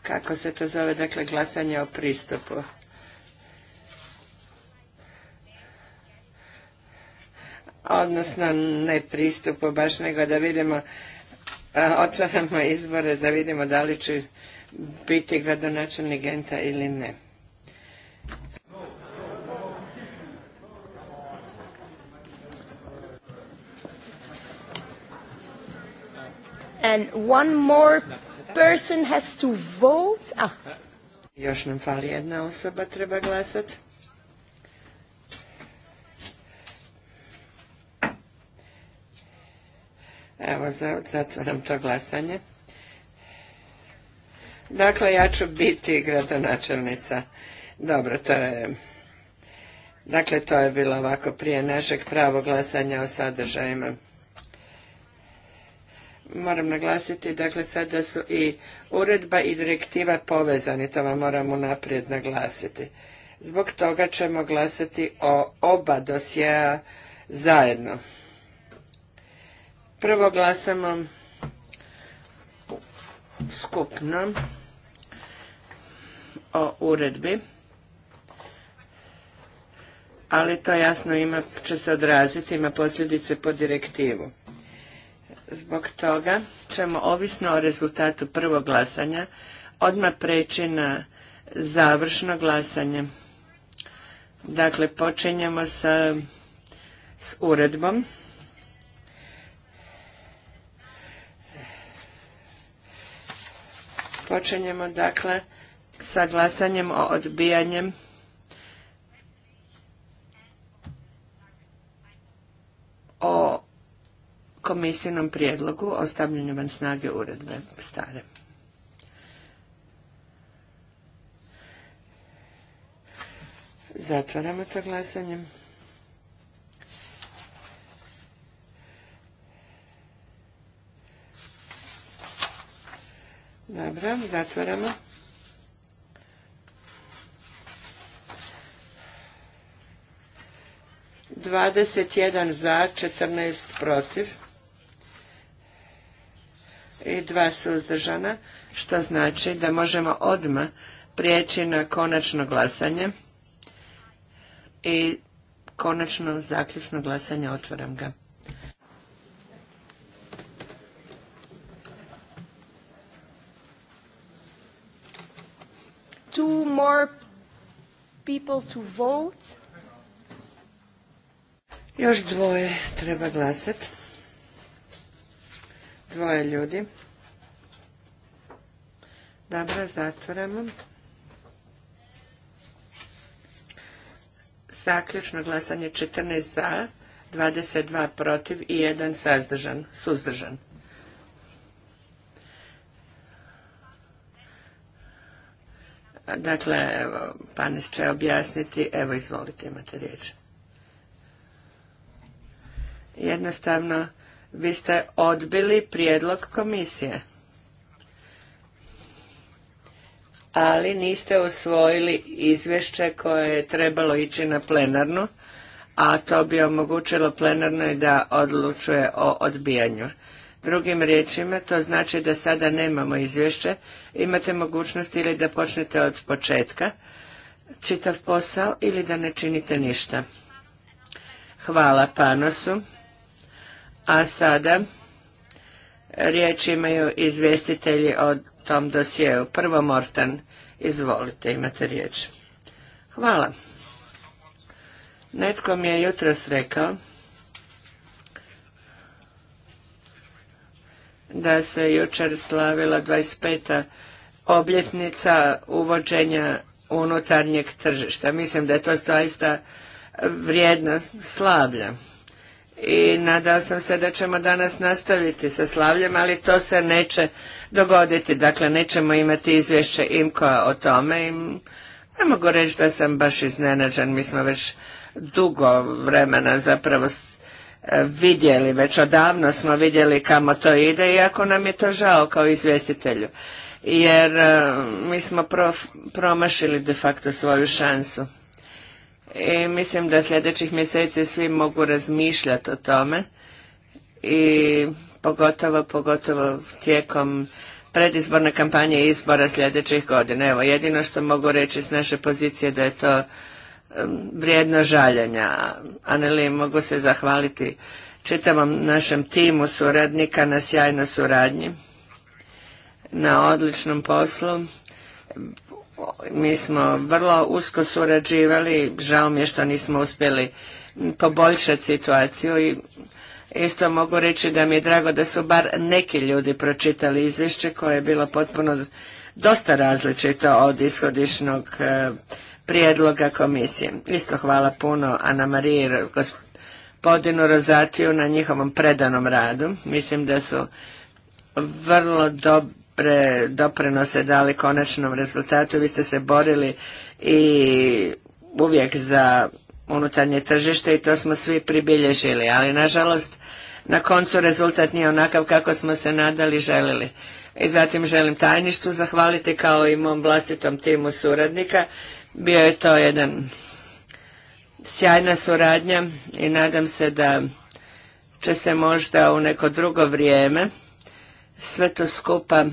Speaker 1: kako se to zove, dakle glasanje o pristupu. Odnosno ne pristupu baš, nego da vidimo, e, otvaramo izbore, da vidimo da li će biti gradonačelnik Genta ili ne.
Speaker 2: And one more person has to vote. Ah.
Speaker 1: Još nam fali jedna osoba, treba glasati. Evo, zatvoram to glasanje. Dakle, ja ću biti gradonačelnica. Dobro, to je... Dakle, to je bilo ovako prije našeg pravog glasanja o sadržajima moram naglasiti, dakle sada su i uredba i direktiva povezani, to vam moramo unaprijed naglasiti. Zbog toga ćemo glasati o oba dosjeja zajedno. Prvo glasamo skupno o uredbi, ali to jasno ima, će se odraziti, ima posljedice po direktivu. Zbog toga ćemo ovisno o rezultatu prvog glasanja odmah preći na završno glasanje. Dakle, počinjemo sa s uredbom. Počinjemo dakle sa glasanjem o odbijanjem o komisijnom prijedlogu o stavljanju van snage uredbe stare. Zatvaramo to glasanje. Dobro, zatvaramo. Dvadeset jedan za, četrnaest protiv i dva suzdržana, što znači da možemo odmah prijeći na konačno glasanje i konačno zaključno glasanje otvaram ga. Još dvoje treba glasati. Dvoje ljudi. Dobro, zatvoramo. Zaključno glasanje 14 za, 22 protiv i 1 sazdržan, suzdržan. Dakle, evo, Panis će objasniti. Evo, izvolite, imate riječ. Jednostavno, vi ste odbili prijedlog komisije. Ali niste usvojili izvješće koje je trebalo ići na plenarnu, a to bi omogućilo plenarnoj da odlučuje o odbijanju. Drugim riječima, to znači da sada nemamo izvješće, imate mogućnost ili da počnete od početka čitav posao ili da ne činite ništa. Hvala Panosu. A sada riječ imaju izvjestitelji o tom dosjeu. Prvo Mortan, izvolite, imate riječ. Hvala. Netko mi je jutros rekao da se jučer slavila 25. obljetnica uvođenja unutarnjeg tržišta. Mislim da je to zaista vrijedno slavlja i nadao sam se da ćemo danas nastaviti sa slavljem, ali to se neće dogoditi. Dakle, nećemo imati izvješće IMKO o tome i ne mogu reći da sam baš iznenađen. Mi smo već dugo vremena zapravo vidjeli, već odavno smo vidjeli kamo to ide, iako nam je to žao kao izvjestitelju. Jer eh, mi smo promašili de facto svoju šansu i mislim da sljedećih mjeseci svi mogu razmišljati o tome i pogotovo, pogotovo tijekom predizborne kampanje i izbora sljedećih godina. Evo, jedino što mogu reći s naše pozicije da je to vrijedno žaljenja. Aneli, mogu se zahvaliti čitavom našem timu suradnika na sjajnoj suradnji, na odličnom poslu mi smo vrlo usko surađivali, žao mi je što nismo uspjeli poboljšati situaciju i isto mogu reći da mi je drago da su bar neki ljudi pročitali izvješće koje je bilo potpuno dosta različito od ishodišnog e, prijedloga komisije. Isto hvala puno Ana i gospodinu Rozatiju na njihovom predanom radu. Mislim da su vrlo dobro pre doprinose dali konačnom rezultatu. Vi ste se borili i uvijek za unutarnje tržište i to smo svi pribilježili, ali nažalost na koncu rezultat nije onakav kako smo se nadali želili. I zatim želim tajništu zahvaliti kao i mom vlastitom timu suradnika. Bio je to jedan sjajna suradnja i nadam se da će se možda u neko drugo vrijeme sve to skupa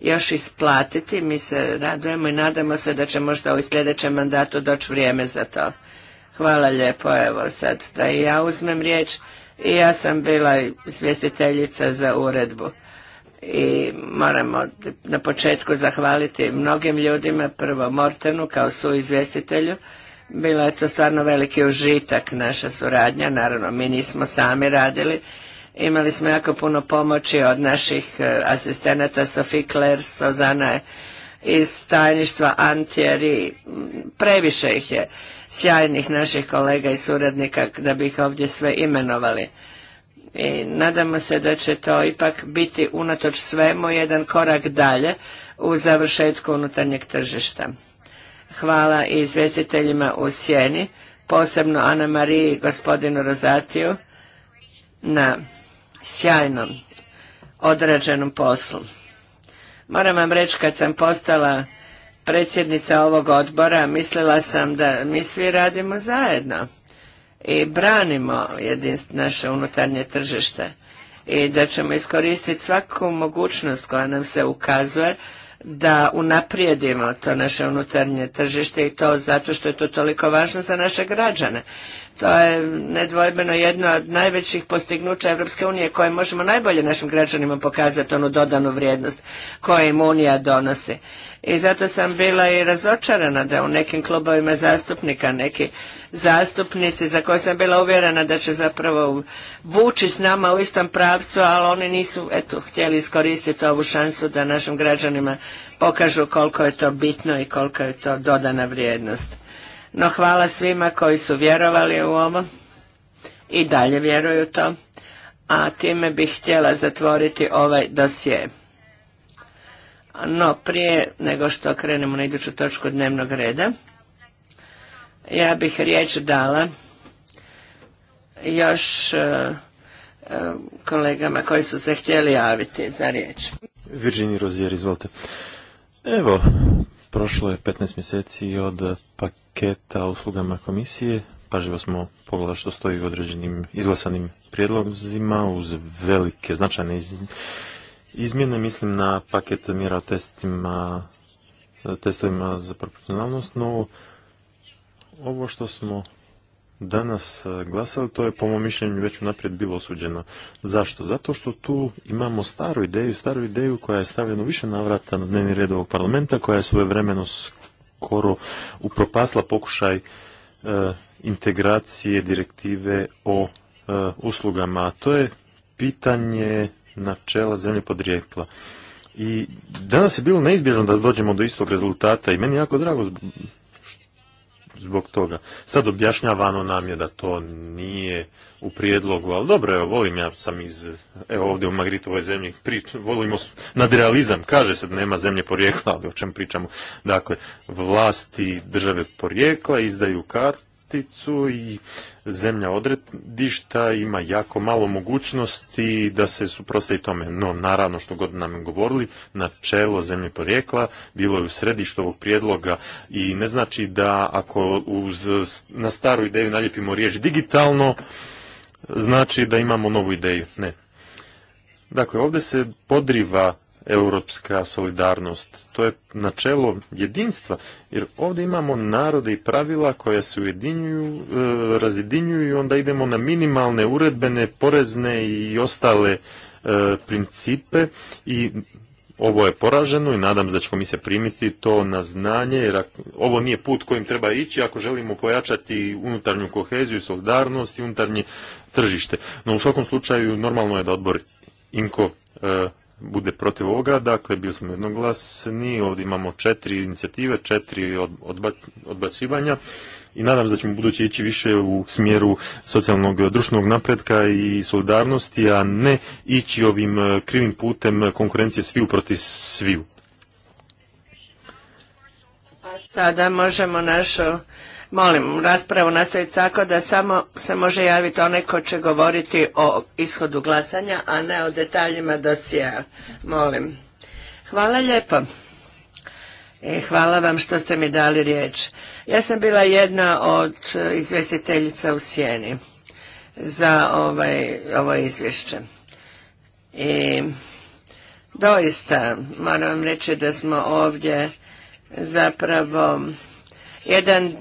Speaker 1: još isplatiti. Mi se radujemo i nadamo se da će možda u sljedećem mandatu doći vrijeme za to. Hvala lijepo, evo sad da i ja uzmem riječ i ja sam bila izvjestiteljica za uredbu i moramo na početku zahvaliti mnogim ljudima, prvo Mortenu kao su izvjestitelju. Bila je to stvarno veliki užitak naša suradnja, naravno mi nismo sami radili, Imali smo jako puno pomoći od naših e, asistenata Sophie Claire, Sozana iz tajništva Antjeri. Previše ih je sjajnih naših kolega i suradnika da bi ih ovdje sve imenovali. I nadamo se da će to ipak biti unatoč svemu jedan korak dalje u završetku unutarnjeg tržišta. Hvala i izvjestiteljima u Sjeni, posebno Ana Mariji i gospodinu Rozatiju na sjajnom odrađenom poslu. Moram vam reći kad sam postala predsjednica ovog odbora, mislila sam da mi svi radimo zajedno i branimo jedinst, naše unutarnje tržište i da ćemo iskoristiti svaku mogućnost koja nam se ukazuje da unaprijedimo to naše unutarnje tržište i to zato što je to toliko važno za naše građane. To je nedvojbeno jedno od najvećih postignuća Europske unije koje možemo najbolje našim građanima pokazati onu dodanu vrijednost koju im Unija donosi. I zato sam bila i razočarana da u nekim klubovima zastupnika, neki zastupnici za koje sam bila uvjerena da će zapravo vući s nama u istom pravcu, ali oni nisu eto, htjeli iskoristiti ovu šansu da našim građanima pokažu koliko je to bitno i koliko je to dodana vrijednost. No hvala svima koji su vjerovali u ovo i dalje vjeruju to, a time bih htjela zatvoriti ovaj dosje. No prije nego što krenemo na iduću točku dnevnog reda, ja bih riječ dala još e, e, kolegama koji su se htjeli javiti za riječ.
Speaker 3: Virginia Rozier, izvolite. Evo, Prošlo je 15 mjeseci od paketa uslugama komisije. Pažljivo smo pogledali što stoji u određenim izglasanim prijedlozima uz velike, značajne izmjene. Mislim na paket mjera o testima, testovima za proporcionalnost, no ovo što smo danas e, glasali, to je po mom mišljenju već unaprijed bilo osuđeno. Zašto? Zato što tu imamo staru ideju, staru ideju koja je stavljena više navrata na dnevni red ovog parlamenta, koja je svojevremeno skoro upropasla pokušaj e, integracije direktive o e, uslugama. A to je pitanje načela zemlje podrijekla. I danas je bilo neizbježno da dođemo do istog rezultata i meni je jako drago zbog toga. Sad objašnjavano nam je da to nije u prijedlogu, ali dobro, evo, volim ja sam iz, evo ovdje u Magritovoj zemlji, prič, volimo nadrealizam, kaže se da nema zemlje porijekla, ali o čem pričamo. Dakle, vlasti države porijekla izdaju karticu i zemlja odredišta ima jako malo mogućnosti da se suprostavi tome. No, naravno, što god nam govorili, načelo zemlje porijekla bilo je u središtu ovog prijedloga i ne znači da ako uz, na staru ideju naljepimo riječ digitalno, znači da imamo novu ideju. Ne. Dakle, ovdje se podriva europska solidarnost. To je načelo jedinstva, jer ovdje imamo narode i pravila koja se ujedinjuju, e, razjedinjuju i onda idemo na minimalne uredbene, porezne i ostale e, principe i ovo je poraženo i nadam se da mi se primiti to na znanje jer ovo nije put kojim treba ići ako želimo pojačati unutarnju koheziju, solidarnost i unutarnje tržište. No u svakom slučaju normalno je da odbor Inko e, bude protiv ovoga, dakle bili smo jednoglasni, ovdje imamo četiri inicijative, četiri odbacivanja i nadam se da ćemo budući ići više u smjeru socijalnog društvenog napretka i solidarnosti, a ne ići ovim e, krivim putem konkurencije sviju protiv sviju.
Speaker 1: A sada možemo našu Molim, raspravu nastaviti tako da samo se može javiti onaj ko će govoriti o ishodu glasanja, a ne o detaljima dosija. Molim. Hvala lijepo. I e, hvala vam što ste mi dali riječ. Ja sam bila jedna od e, izvjestiteljica u Sjeni za ovaj, ovo izvješće. I doista moram vam reći da smo ovdje zapravo jedan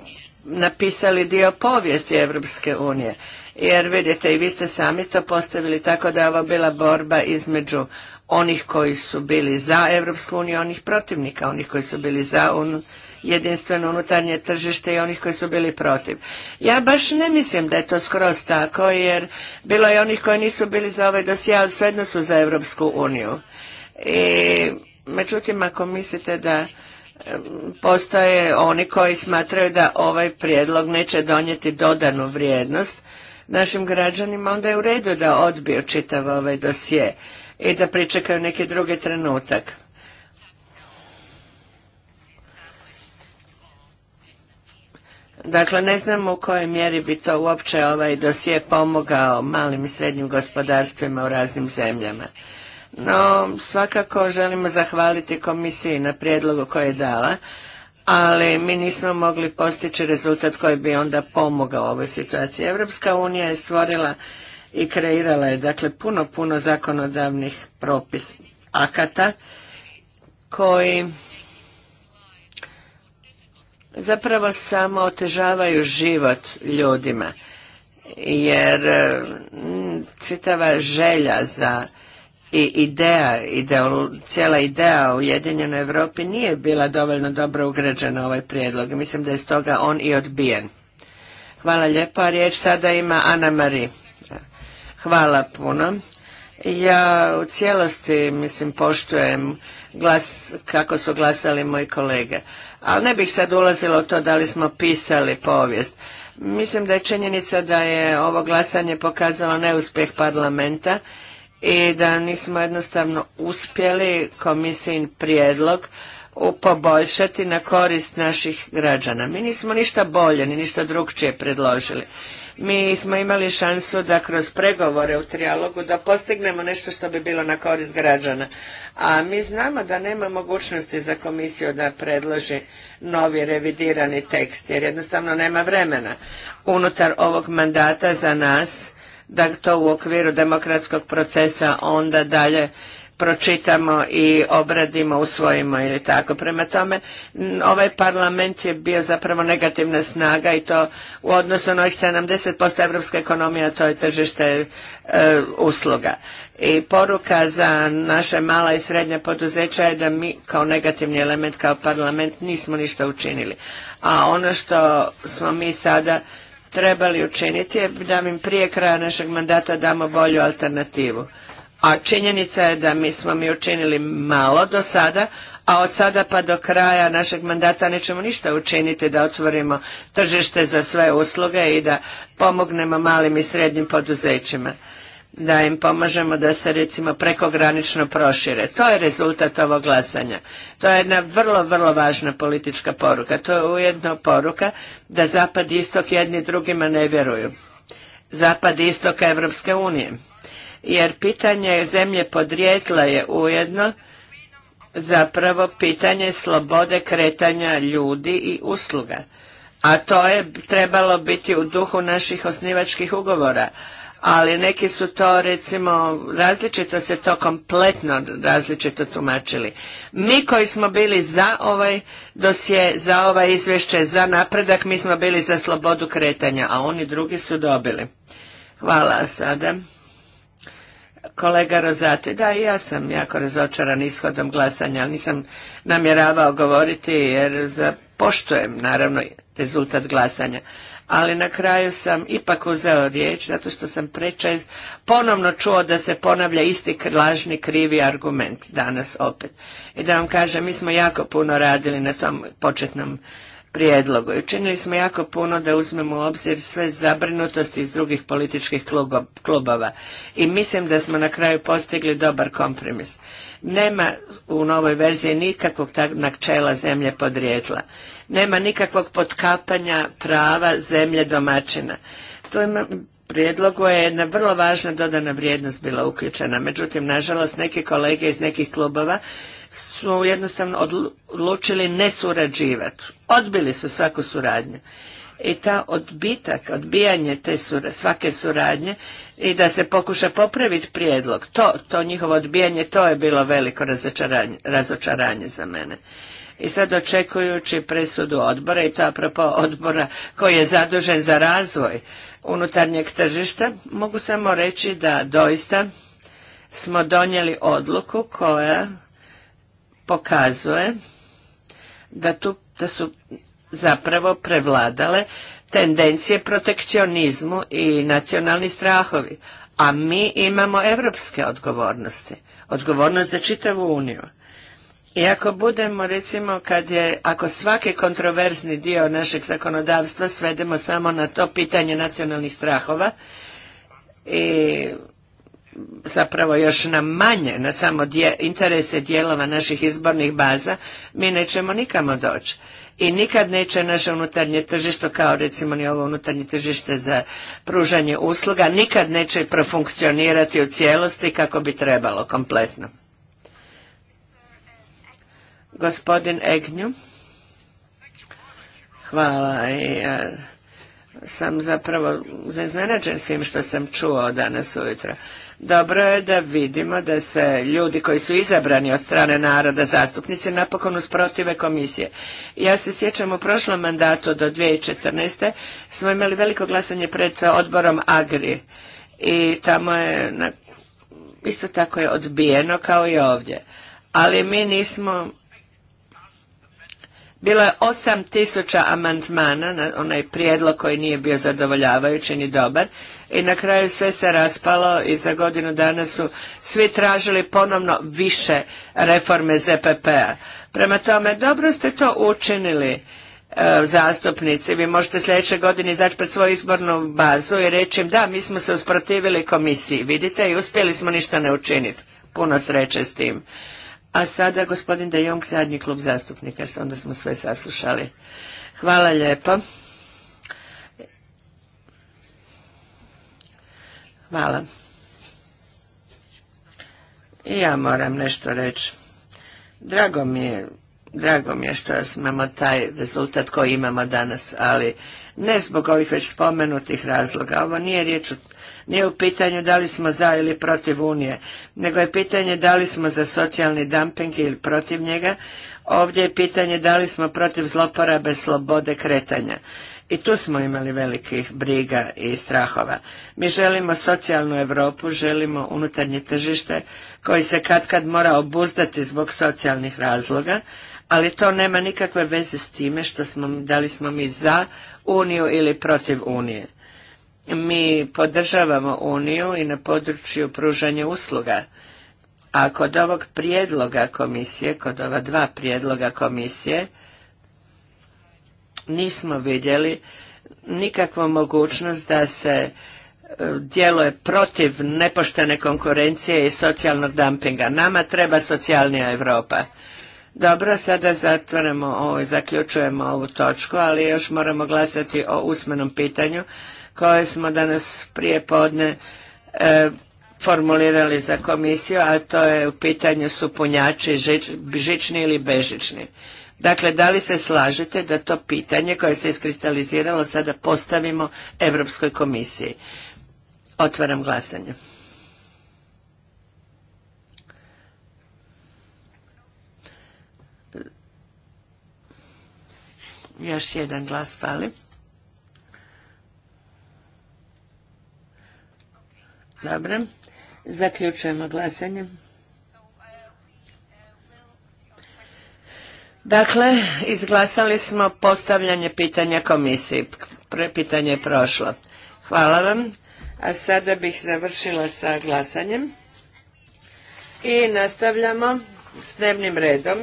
Speaker 1: napisali dio povijesti Evropske unije. Jer vidite, i vi ste sami to postavili tako da je ovo bila borba između onih koji su bili za Evropsku uniju, onih protivnika, onih koji su bili za jedinstveno unutarnje tržište i onih koji su bili protiv. Ja baš ne mislim da je to skroz tako, jer bilo je onih koji nisu bili za ovaj dosije, ali svejedno su za Evropsku uniju. I, međutim, ako mislite da postoje oni koji smatraju da ovaj prijedlog neće donijeti dodanu vrijednost našim građanima, onda je u redu da odbiju čitav ovaj dosje i da pričekaju neki drugi trenutak. Dakle, ne znamo u kojoj mjeri bi to uopće ovaj dosje pomogao malim i srednjim gospodarstvima u raznim zemljama. No, svakako želimo zahvaliti komisiji na prijedlogu koje je dala, ali mi nismo mogli postići rezultat koji bi onda pomogao ovoj situaciji. Evropska unija je stvorila i kreirala je dakle puno, puno zakonodavnih propis akata koji zapravo samo otežavaju život ljudima jer citava mm, želja za i ideja, cijela ideja o Ujedinjenoj Europi nije bila dovoljno dobro ugrađena ovaj prijedlog. Mislim da je stoga on i odbijen. Hvala lijepa. Riječ sada ima Ana Mari. Hvala puno. Ja u cijelosti, mislim, poštujem glas, kako su glasali moji kolege. Ali ne bih sad ulazila u to da li smo pisali povijest. Mislim da je činjenica da je ovo glasanje pokazalo neuspjeh parlamenta i da nismo jednostavno uspjeli komisijin prijedlog poboljšati na korist naših građana. Mi nismo ništa bolje ni ništa drugčije predložili. Mi smo imali šansu da kroz pregovore u trijalogu da postignemo nešto što bi bilo na korist građana. A mi znamo da nema mogućnosti za komisiju da predloži novi revidirani tekst jer jednostavno nema vremena unutar ovog mandata za nas da to u okviru demokratskog procesa onda dalje pročitamo i obradimo, usvojimo ili tako. Prema tome, ovaj parlament je bio zapravo negativna snaga i to u odnosu na ovih 70% evropske ekonomije, a to je tržište e, usluga. I poruka za naše mala i srednja poduzeća je da mi kao negativni element, kao parlament nismo ništa učinili. A ono što smo mi sada trebali učiniti je da im prije kraja našeg mandata damo bolju alternativu. A činjenica je da mi smo mi učinili malo do sada, a od sada pa do kraja našeg mandata nećemo ništa učiniti da otvorimo tržište za sve usluge i da pomognemo malim i srednjim poduzećima da im pomažemo da se recimo prekogranično prošire. To je rezultat ovog glasanja. To je jedna vrlo, vrlo važna politička poruka. To je ujedno poruka da Zapad i Istok jedni drugima ne vjeruju. Zapad i istok Evropske unije. Jer pitanje zemlje podrijetla je ujedno zapravo pitanje slobode kretanja ljudi i usluga. A to je trebalo biti u duhu naših osnivačkih ugovora ali neki su to recimo različito se to kompletno različito tumačili. Mi koji smo bili za ovaj dosje, za ovaj izvješće, za napredak, mi smo bili za slobodu kretanja, a oni drugi su dobili. Hvala sada. Kolega Rozati, da i ja sam jako razočaran ishodom glasanja, ali nisam namjeravao govoriti jer za, poštujem naravno rezultat glasanja ali na kraju sam ipak uzeo riječ zato što sam preče, ponovno čuo da se ponavlja isti lažni krivi argument danas opet. I da vam kažem, mi smo jako puno radili na tom početnom prijedlogu i učinili smo jako puno da uzmemo u obzir sve zabrinutosti iz drugih političkih klubova i mislim da smo na kraju postigli dobar kompromis. Nema u novoj verziji nikakvog načela zemlje podrijetla. Nema nikakvog potkapanja prava zemlje domaćina. To ima prijedlogu je jedna vrlo važna dodana vrijednost bila uključena. Međutim, nažalost, neki kolege iz nekih klubova su jednostavno odlučili ne surađivati. Odbili su svaku suradnju i ta odbitak, odbijanje te svake suradnje i da se pokuša popraviti prijedlog, to, to njihovo odbijanje, to je bilo veliko razočaranje, razočaranje za mene. I sad očekujući presudu odbora i to apropo odbora koji je zadužen za razvoj unutarnjeg tržišta, mogu samo reći da doista smo donijeli odluku koja pokazuje da tu da su zapravo prevladale tendencije protekcionizmu i nacionalni strahovi, a mi imamo evropske odgovornosti, odgovornost za čitavu uniju. I ako budemo, recimo, kad je, ako svaki kontroverzni dio našeg zakonodavstva svedemo samo na to pitanje nacionalnih strahova i zapravo još na manje, na samo interese dijelova naših izbornih baza, mi nećemo nikamo doći i nikad neće naše unutarnje tržište, kao recimo ni ovo unutarnje tržište za pružanje usluga, nikad neće profunkcionirati u cijelosti kako bi trebalo kompletno. Gospodin Egnju. Hvala. Ja e, sam zapravo zaznenađen svim što sam čuo danas ujutro. Dobro je da vidimo da se ljudi koji su izabrani od strane naroda zastupnici napokon usprotive komisije. Ja se sjećam u prošlom mandatu do 2014. smo imali veliko glasanje pred odborom Agri i tamo je isto tako je odbijeno kao i ovdje. Ali mi nismo bilo je 8000 amandmana na onaj prijedlog koji nije bio zadovoljavajući ni dobar i na kraju sve se raspalo i za godinu dana su svi tražili ponovno više reforme ZPP-a. Prema tome, dobro ste to učinili e, zastupnici. Vi možete sljedeće godine izaći pred svoju izbornu bazu i reći im da, mi smo se usprotivili komisiji, vidite, i uspjeli smo ništa ne učiniti. Puno sreće s tim. A sada gospodin De Jong, zadnji klub zastupnika, onda smo sve saslušali. Hvala lijepo. Hvala. I ja moram nešto reći. Drago mi je Drago mi je što imamo taj rezultat koji imamo danas, ali ne zbog ovih već spomenutih razloga. Ovo nije riječ nije u pitanju da li smo za ili protiv Unije, nego je pitanje da li smo za socijalni dumping ili protiv njega. Ovdje je pitanje da li smo protiv zloporabe slobode kretanja. I tu smo imali velikih briga i strahova. Mi želimo socijalnu Europu, želimo unutarnje tržište koji se kad kad mora obuzdati zbog socijalnih razloga, ali to nema nikakve veze s time što smo, da li smo mi za Uniju ili protiv Unije. Mi podržavamo Uniju i na području pružanja usluga, a kod ovog prijedloga komisije, kod ova dva prijedloga komisije, nismo vidjeli nikakvu mogućnost da se e, djeluje protiv nepoštene konkurencije i socijalnog dumpinga. Nama treba socijalnija Europa. Dobro, sada zatvaramo zaključujemo ovu točku, ali još moramo glasati o usmenom pitanju koje smo danas prije podne e, formulirali za komisiju, a to je u pitanju su punjači žični ili bežični. Dakle, da li se slažete da to pitanje koje se iskristaliziralo sada postavimo Europskoj komisiji? Otvaram glasanje. Još jedan glas fali. Dobro. Zaključujemo glasanje. Dakle, izglasali smo postavljanje pitanja komisiji. Pitanje je prošlo. Hvala vam. A sada bih završila sa glasanjem. I nastavljamo s dnevnim redom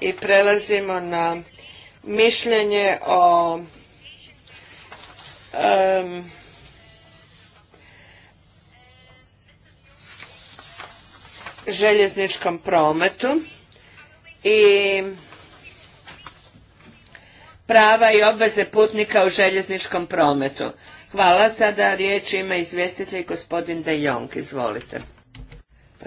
Speaker 1: i prelazimo na mišljenje o um, željezničkom prometu i prava i obveze putnika u željezničkom prometu. Hvala. Sada riječ ima izvjestitelj gospodin De Jong. Izvolite. Pa,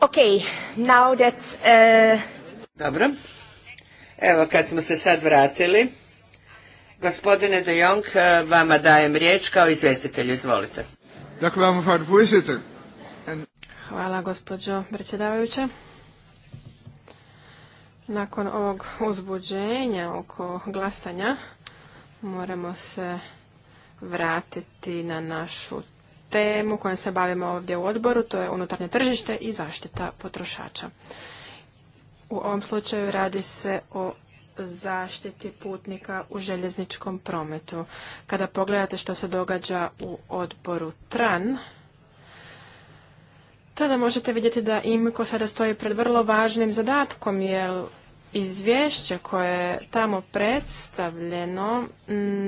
Speaker 2: Okay, now that, uh,
Speaker 1: Dobro. Evo kad smo se sad vratili, gospodine de Jong, eh, vama dajem riječ kao izvjestitelju. Izvolite.
Speaker 3: Dakle,
Speaker 2: hvala gospođo predsjedavajuća. Nakon ovog uzbuđenja oko glasanja moramo se vratiti na našu temu kojom se bavimo ovdje u odboru, to je unutarnje tržište i zaštita potrošača. U ovom slučaju radi se o zaštiti putnika u željezničkom prometu. Kada pogledate što se događa u odboru TRAN, tada možete vidjeti da IMCO sada stoji pred vrlo važnim zadatkom, jer izvješće koje je tamo predstavljeno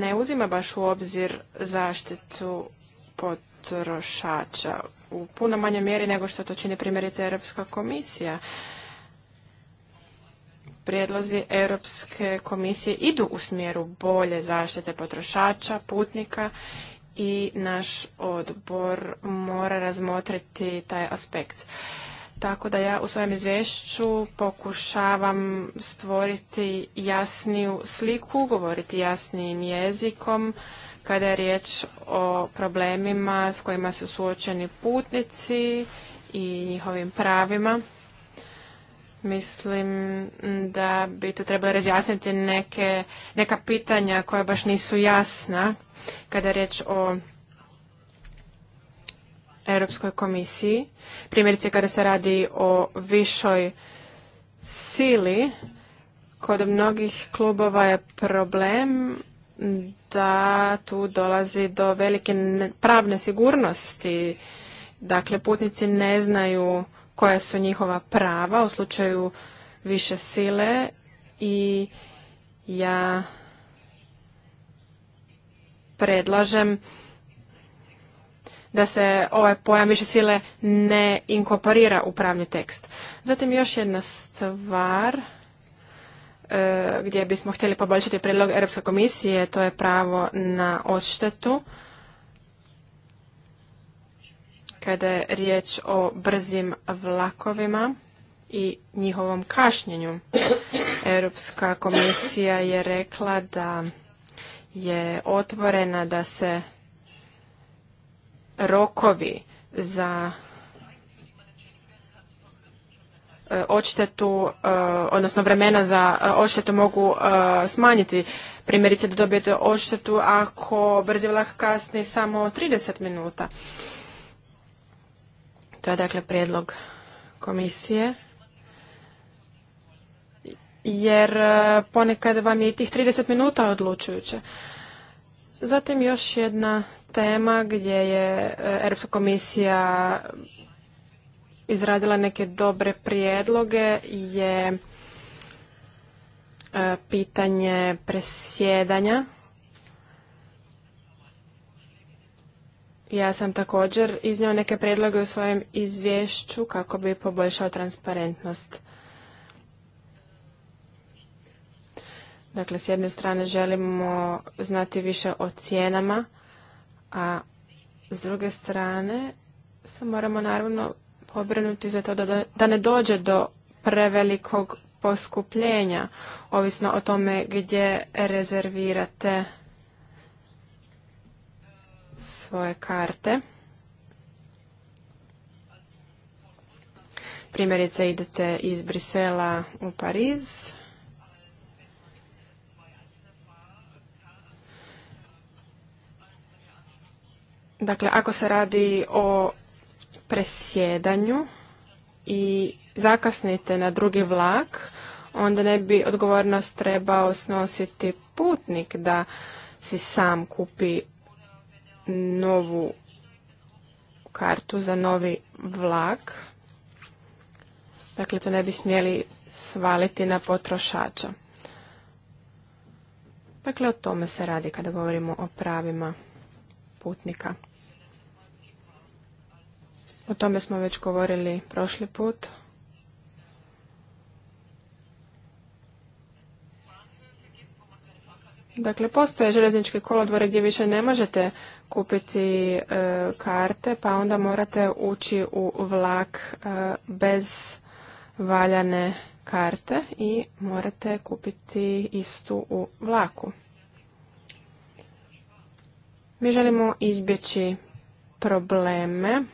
Speaker 2: ne uzima baš u obzir zaštitu potrošača potrošača u puno manjoj mjeri nego što to čini primjerice Europska komisija. Prijedlozi Europske komisije idu u smjeru bolje zaštite potrošača, putnika i naš odbor mora razmotriti taj aspekt. Tako da ja u svojem izvješću pokušavam stvoriti jasniju sliku, govoriti jasnijim jezikom, kada je riječ o problemima s kojima su suočeni putnici i njihovim pravima. Mislim da bi tu trebalo razjasniti neke, neka pitanja koja baš nisu jasna kada je riječ o Europskoj komisiji. Primjerice kada se radi o višoj sili, kod mnogih klubova je problem da tu dolazi do velike pravne sigurnosti. Dakle, putnici ne znaju koja su njihova prava u slučaju više sile i ja predlažem da se ovaj pojam više sile ne inkorporira u pravni tekst. Zatim još jedna stvar E, gdje bismo htjeli poboljšati predlog Europske komisije, to je pravo na odštetu kada je riječ o brzim vlakovima i njihovom kašnjenju. Europska komisija je rekla da je otvorena da se rokovi za E, odštetu, e, odnosno vremena za e, odštetu mogu smanjiti. Primjerice da dobijete odštetu ako brzi vlak kasni samo 30 minuta. To je dakle prijedlog komisije. Jer ponekad vam je i tih 30 minuta odlučujuće. Zatim još jedna tema gdje je Europska komisija izradila neke dobre prijedloge je e, pitanje presjedanja. Ja sam također iznio neke prijedloge u svojem izvješću kako bi poboljšao transparentnost. Dakle, s jedne strane želimo znati više o cijenama, a s druge strane se moramo naravno pobrinuti za to da, da ne dođe do prevelikog poskupljenja, ovisno o tome gdje rezervirate svoje karte. Primjerice idete iz Brisela u Pariz. Dakle, ako se radi o presjedanju i zakasnite na drugi vlak, onda ne bi odgovornost trebao snositi putnik da si sam kupi novu kartu za novi vlak. Dakle, to ne bi smjeli svaliti na potrošača. Dakle, o tome se radi kada govorimo o pravima putnika. O tome smo već govorili prošli put. Dakle, postoje željezničke kolodvore gdje više ne možete kupiti e, karte, pa onda morate ući u vlak e, bez valjane karte i morate kupiti istu u vlaku. Mi želimo izbjeći probleme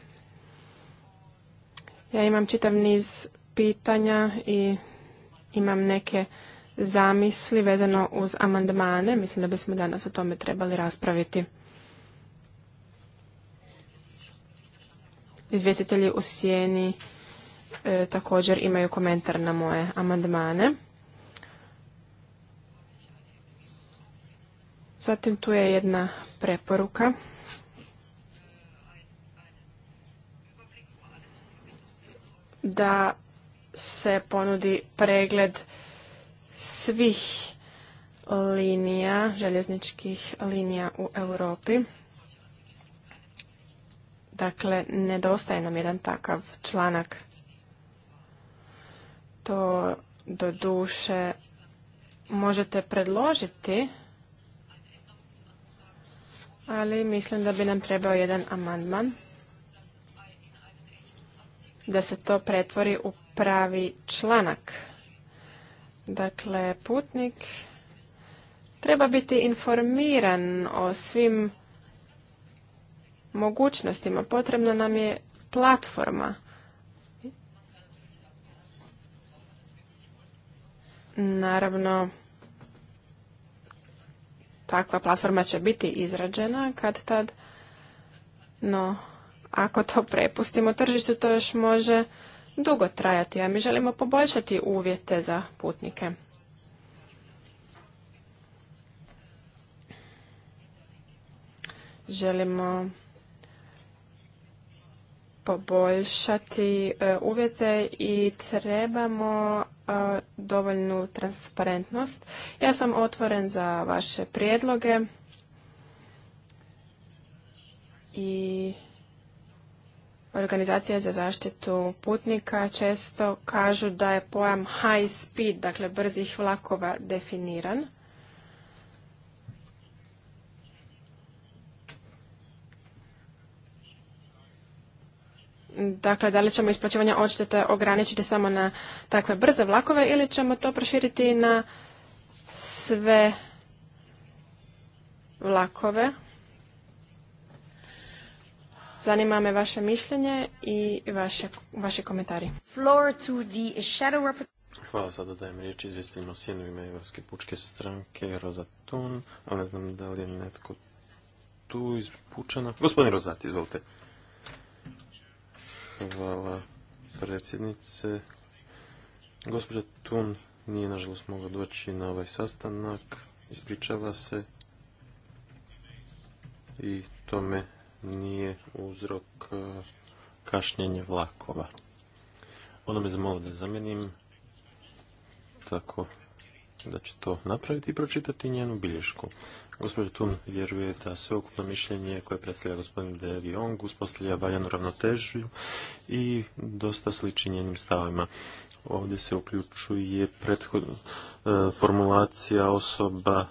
Speaker 2: ja imam čitav niz pitanja i imam neke zamisli vezano uz amandmane. Mislim da bismo danas o tome trebali raspraviti. Izvjestitelji u sjeni e, također imaju komentar na moje amandmane. Zatim tu je jedna preporuka da se ponudi pregled svih linija, željezničkih linija u Europi. Dakle, nedostaje nam jedan takav članak. To do duše možete predložiti, ali mislim da bi nam trebao jedan amandman da se to pretvori u pravi članak. Dakle, putnik treba biti informiran o svim mogućnostima. Potrebna nam je platforma. Naravno, takva platforma će biti izrađena kad tad, no ako to prepustimo tržištu, to još može dugo trajati, a mi želimo poboljšati uvjete za putnike. Želimo poboljšati e, uvjete i trebamo e, dovoljnu transparentnost. Ja sam otvoren za vaše prijedloge i organizacije za zaštitu putnika često kažu da je pojam high speed, dakle brzih vlakova, definiran. Dakle, da li ćemo isplaćivanje odštete ograničiti samo na takve brze vlakove ili ćemo to proširiti na sve vlakove? Zanima me vaše mišljenje i vaše, vaše komentari. Floor to the shadow
Speaker 3: Hvala, sada dajem riječ izvjestiteljima o sjenu ime Evropske pučke stranke, Rozatun, ali ne znam da li je netko tu iz Gospodin Rozat, izvolite. Hvala, predsjednice. Gospođa Tun nije nažalost mogla doći na ovaj sastanak, ispričava se i tome nije uzrok e, kašnjenje vlakova. Ono me zamolio da zamenim, tako da će to napraviti i pročitati njenu bilješku. Gospodin Tun vjeruje da sveukupno mišljenje koje predstavlja gospodin De Viong uspostavlja valjanu ravnotežu i dosta sliči njenim stavima. Ovdje se uključuje prethodna e, formulacija osoba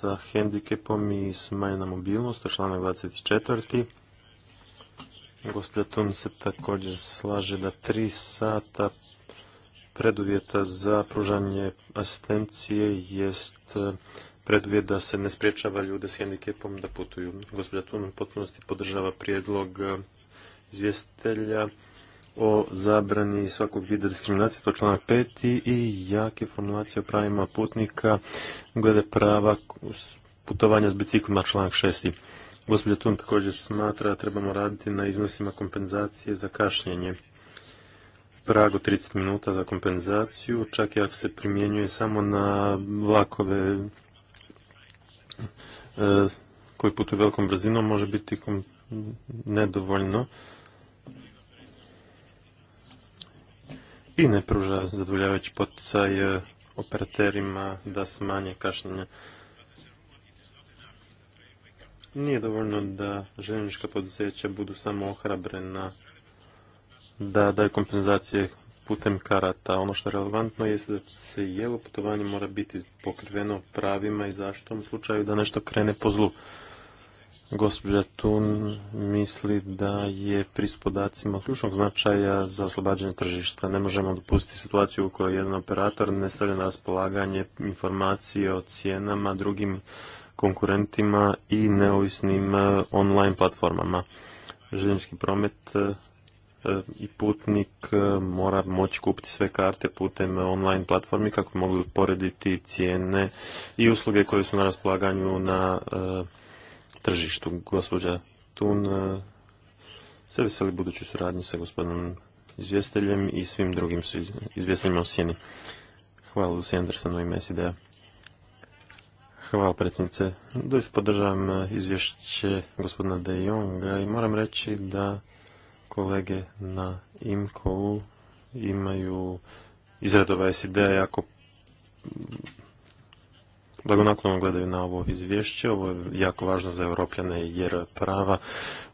Speaker 3: sa hendikepom i smanjena mobilnost, to je članak 24. Gospodin Tun se također slaže da tri sata preduvjeta za pružanje asistencije jest e, preduvjet da se ne spriječava ljude s hendikepom da putuju. Gospodin Tun potpunosti podržava prijedlog e, izvjestitelja o zabrani svakog vida diskriminacije, to članak 5. i jake formulacije o pravima putnika glede prava putovanja s biciklima, članak 6. Gospodin Tun također smatra da trebamo raditi na iznosima kompenzacije za kašnjenje. Prago 30 minuta za kompenzaciju, čak i ako se primjenjuje samo na vlakove e, koji putuju velikom brzinom, može biti nedovoljno i ne pruža zadovoljavajući poticaj e, operaterima da smanje kašnjenja. Nije dovoljno da željeznička poduzeća budu samo ohrabrena da daju kompenzacije putem karata. Ono što je relevantno je da se jevo putovanje mora biti pokriveno pravima i zaštom u slučaju da nešto krene po zlu. Gospođa Tun misli da je pris podacima ključnog značaja za oslobađanje tržišta. Ne možemo dopustiti situaciju u kojoj jedan operator ne stavlja na raspolaganje informacije o cijenama drugim konkurentima i neovisnim e, online platformama. Željeznički promet e, e, i putnik mora moći kupiti sve karte putem online platformi kako mogu porediti cijene i usluge koje su na raspolaganju na tržištu. Gospođa Tun e, se veseli budućoj suradnji sa gospodinom izvjesteljem i svim drugim izvjestiteljima u Sjeni. Hvala Lucy Andersonu i Mesida. Hvala predsjednice. Doista podržavam e, izvješće gospodina De Jonga i moram reći da kolege na IMCO imaju iz SID-a jako blagonaklono gledaju na ovo izvješće. Ovo je jako važno za europljane jer prava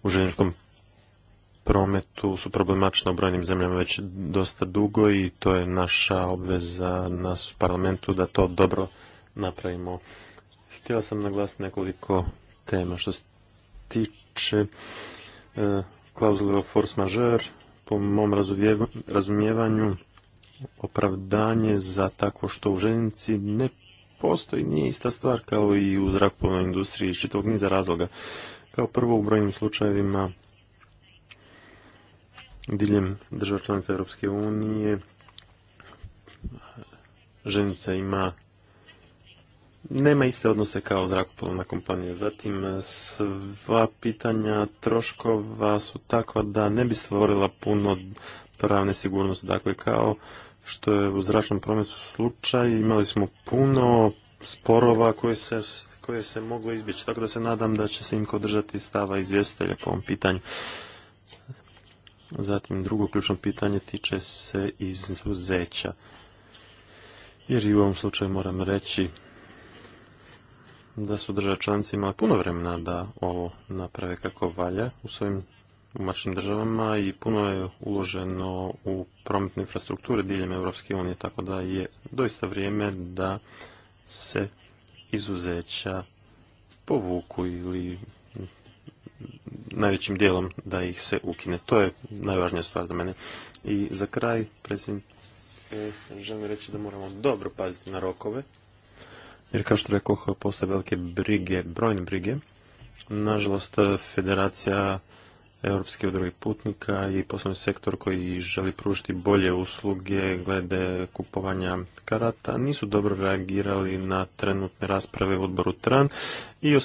Speaker 3: u željezničkom prometu su problematična u brojnim zemljama već dosta dugo i to je naša obveza nas u parlamentu da to dobro napravimo. Htjela sam naglasiti nekoliko tema što se tiče e, klauzule o force majeure, po mom razumijevanju opravdanje za tako što u željenici ne postoji, nije ista stvar kao i u zrakoplovnoj industriji iz čitavog niza razloga. Kao prvo u brojnim slučajevima diljem država članica Europske unije ženica ima nema iste odnose kao zrakoplovna kompanija. Zatim, sva pitanja troškova su takva da ne bi stvorila puno pravne sigurnosti. Dakle, kao što je u zračnom prometu slučaj. Imali smo puno sporova koje se, koje se moglo izbjeći, tako da se nadam da će se im držati stava izvjestitelja po ovom pitanju. Zatim drugo ključno pitanje tiče se izuzeća. Jer i u ovom slučaju moram reći da su država članice imali puno vremena da ovo naprave kako valja u svojim našim državama i puno je uloženo u prometne infrastrukture diljem Europske unije, tako da je doista vrijeme da se izuzeća povuku ili najvećim dijelom da ih se ukine. To je najvažnija stvar za mene. I za kraj, predsjednice, želim reći da moramo dobro paziti na rokove, jer kao što rekao, postoje velike brige, brojne brige. Nažalost, federacija Europske udruge putnika i poslovni sektor koji želi pružiti bolje usluge glede kupovanja karata nisu dobro reagirali na trenutne rasprave u odboru TRAN i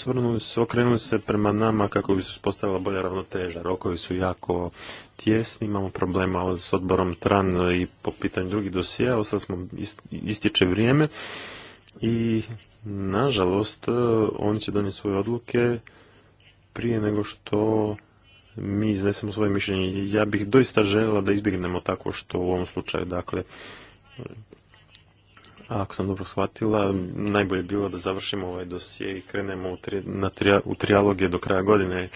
Speaker 3: okrenuli se prema nama kako bi se uspostavila bolja ravnoteža. Rokovi su jako tjesni, imamo problema s odborom TRAN i po pitanju drugih dosija, ostali smo, ističe vrijeme i nažalost oni će donijeti svoje odluke prije nego što mi iznesemo svoje mišljenje. Ja bih doista željela da izbjegnemo tako što u ovom slučaju, dakle, ako sam dobro shvatila, najbolje bilo da završimo ovaj dosije i krenemo u, tri, na tri, u do kraja godine.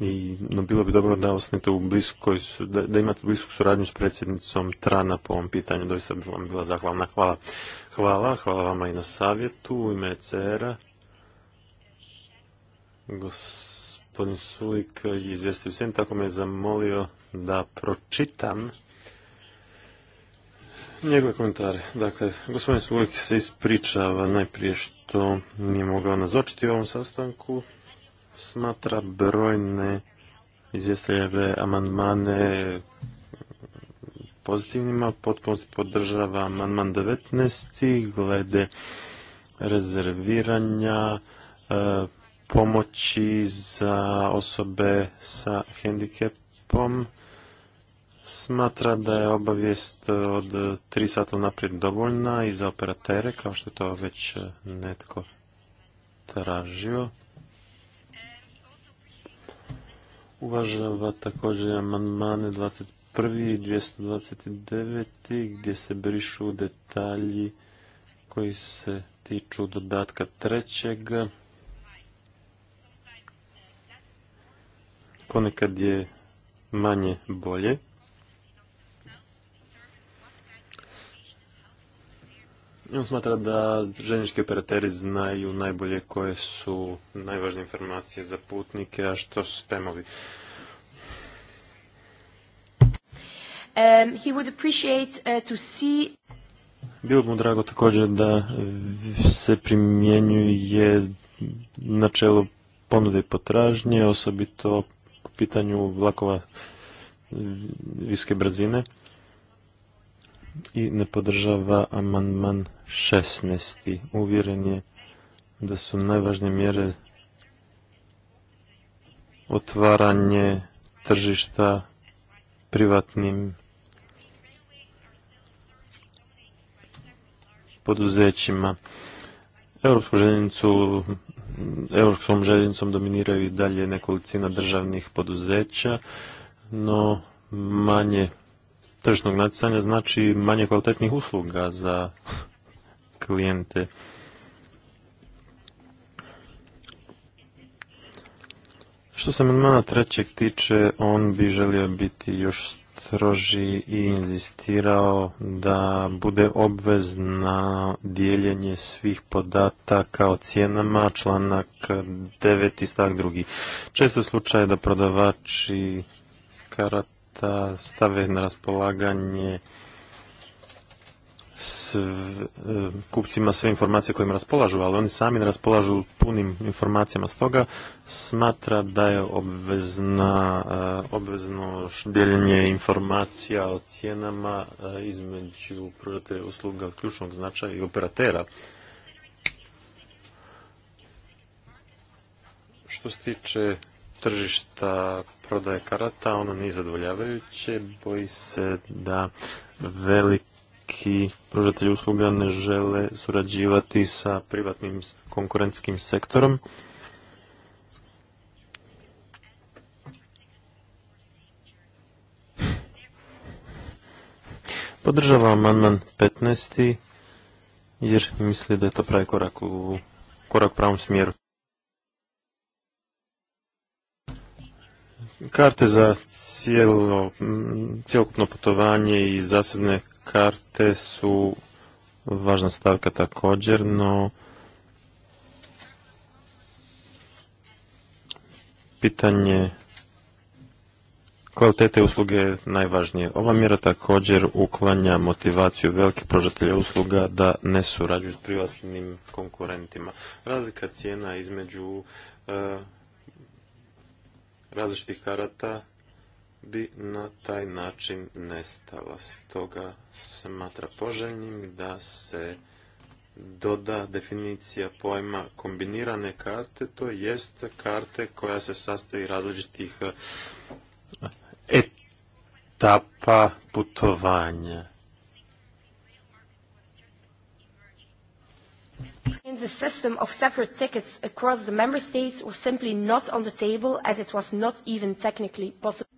Speaker 3: I, no, bilo bi dobro da osnete u bliskoj, da, imate blisku suradnju s predsjednicom Trana po ovom pitanju. Doista bi vam bila zahvalna. Hvala. Hvala. Hvala vama i na savjetu. U ime cr Gos gospodin Sulik izvijestio tako me je zamolio da pročitam njegove komentare. Dakle, gospodin Sulik se ispričava najprije što nije mogao nazočiti u ovom sastanku. Smatra brojne izvjestljeve amandmane pozitivnima. Potpuno se podržava amandman 19. glede rezerviranja e, pomoći za osobe sa hendikepom smatra da je obavijest od 3 sata naprijed dovoljna i za operatere, kao što je to već netko tražio. Uvažava također amandmane 21. i 229. gdje se brišu detalji koji se tiču dodatka trećega. ponekad je manje bolje. on smatra da željeznički operateri znaju najbolje koje su najvažnije informacije za putnike, a što su spemovi.
Speaker 1: Um, uh,
Speaker 3: Bilo bi mu drago također da se primjenjuje načelo ponude i potražnje, osobito pitanju vlakova viske brzine i ne podržava amandman 16. Uvjeren je da su najvažnije mjere otvaranje tržišta privatnim poduzećima. Europsku željenicu europskom željeznicom dominiraju i dalje nekolicina državnih poduzeća, no manje tržišnog natjecanja znači manje kvalitetnih usluga za klijente. Što se amandmana trećeg tiče, on bi želio biti još stroži i inzistirao da bude obvezna dijeljenje svih podataka o cijenama, članak 9. stavak 2. Često slučaj da prodavači karata stave na raspolaganje s e, kupcima sve informacije kojima raspolažu, ali oni sami ne raspolažu punim informacijama. Stoga smatra da je obvezna, e, obvezno dijeljenje informacija o cijenama e, između pružatelja usluga ključnog značaja i operatera. Što se tiče tržišta prodaje karata, ono nije zadovoljavajuće, boji se da velik neki pružatelji usluga ne žele surađivati sa privatnim konkurentskim sektorom. Podržava amandman 15. jer misli da je to pravi korak u korak pravom smjeru. Karte za cijelo, cijelokupno putovanje i zasebne karte su važna stavka također, no pitanje kvalitete usluge je najvažnije. Ova mjera također uklanja motivaciju velikih pružatelja usluga da ne surađuju s privatnim konkurentima. Razlika cijena između eh, različitih karata bi na taj način nestala. Stoga smatra poželjnim da se doda definicija pojma kombinirane karte, to jest karte koja se sastoji različitih eh, etapa putovanja.
Speaker 2: In the system of separate tickets across the member states was simply not on the table as it was not even technically possible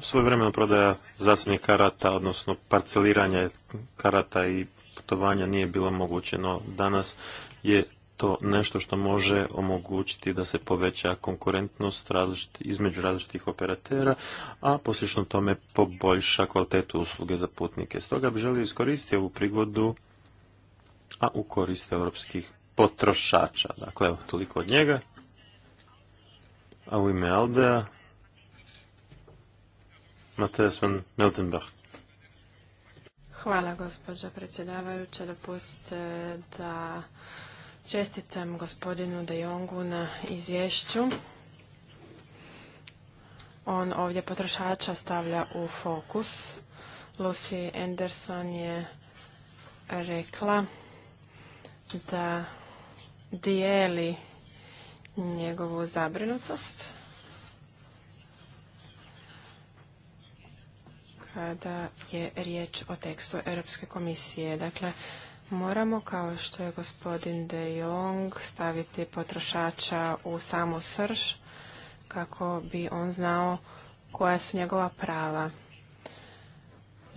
Speaker 3: svoje vremeno prodaja zasebnih karata, odnosno parceliranje karata i putovanja nije bilo moguće, no danas je to nešto što može omogućiti da se poveća konkurentnost između različitih operatera, a poslično tome poboljša kvalitetu usluge za putnike. Stoga bi želio iskoristiti ovu prigodu, a u korist europskih potrošača. Dakle, evo, toliko od njega. A u ime Aldea, van
Speaker 2: Hvala gospođa predsjedavajuća. Dopustite da čestitam gospodinu De Jongu na izvješću. On ovdje potrošača stavlja u fokus. Lucy Anderson je rekla da dijeli njegovu zabrinutost. kada je riječ o tekstu Europske komisije. Dakle, moramo, kao što je gospodin De Jong, staviti potrošača u samu srž kako bi on znao koja su njegova prava.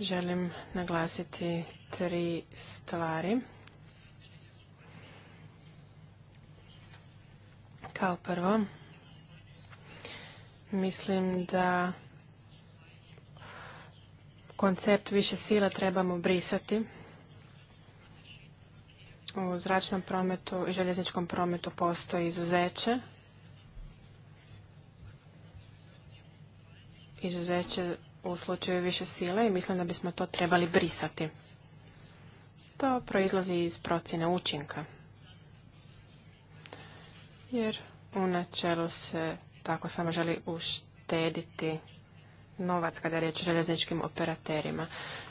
Speaker 2: Želim naglasiti tri stvari. Kao prvo, mislim da koncept više sila trebamo brisati u zračnom prometu i željezničkom prometu postoji izuzeće. Izuzeće u slučaju više sile i mislim da bismo to trebali brisati. To proizlazi iz procjene učinka. Jer u načelu se tako samo želi uštediti novac kada je riječ o željezničkim operaterima.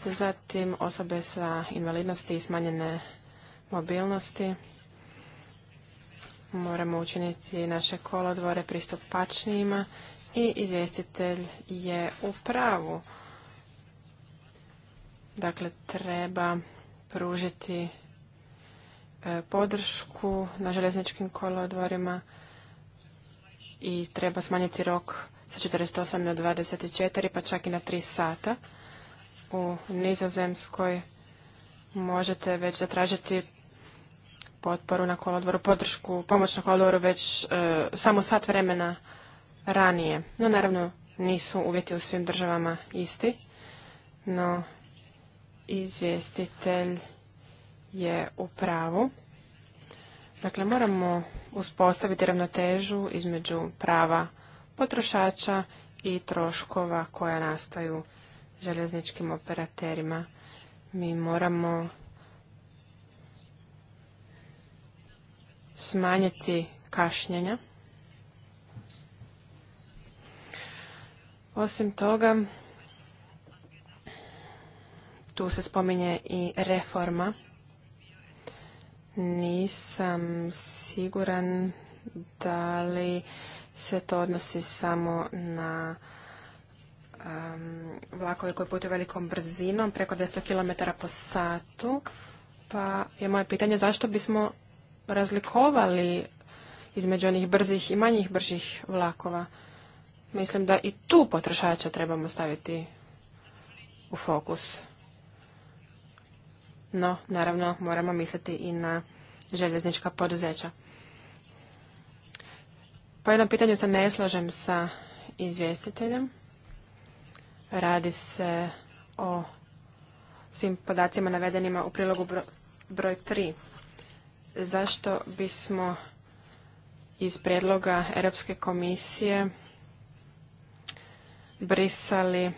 Speaker 2: Zatim osobe sa invalidnosti i smanjene mobilnosti. Moramo učiniti naše kolodvore pristupačnijima i izvjestitelj je u pravu. Dakle, treba pružiti e, podršku na železničkim kolodvorima i treba smanjiti rok sa 48 na 24, pa čak i na 3 sata. U Nizozemskoj možete već zatražiti potporu na kolodvoru, podršku, pomoć na kolodvoru već e, samo sat vremena ranije. No, naravno, nisu uvjeti u svim državama isti, no izvjestitelj je u pravu. Dakle, moramo uspostaviti ravnotežu između prava potrošača i troškova koja nastaju željezničkim operaterima. Mi moramo smanjiti kašnjenja. Osim toga, tu se spominje i reforma. Nisam siguran da li se to odnosi samo na um, vlakove koji putuju velikom brzinom, preko 200 km po satu, pa je moje pitanje zašto bismo razlikovali između onih brzih i manjih bržih vlakova. Mislim da i tu potrošača trebamo staviti u fokus. No, naravno, moramo misliti i na željeznička poduzeća. Po pa jednom pitanju se ne slažem sa izvjestiteljem. Radi se o svim podacima navedenima u prilogu broj 3. Zašto bismo iz predloga Europske komisije brisali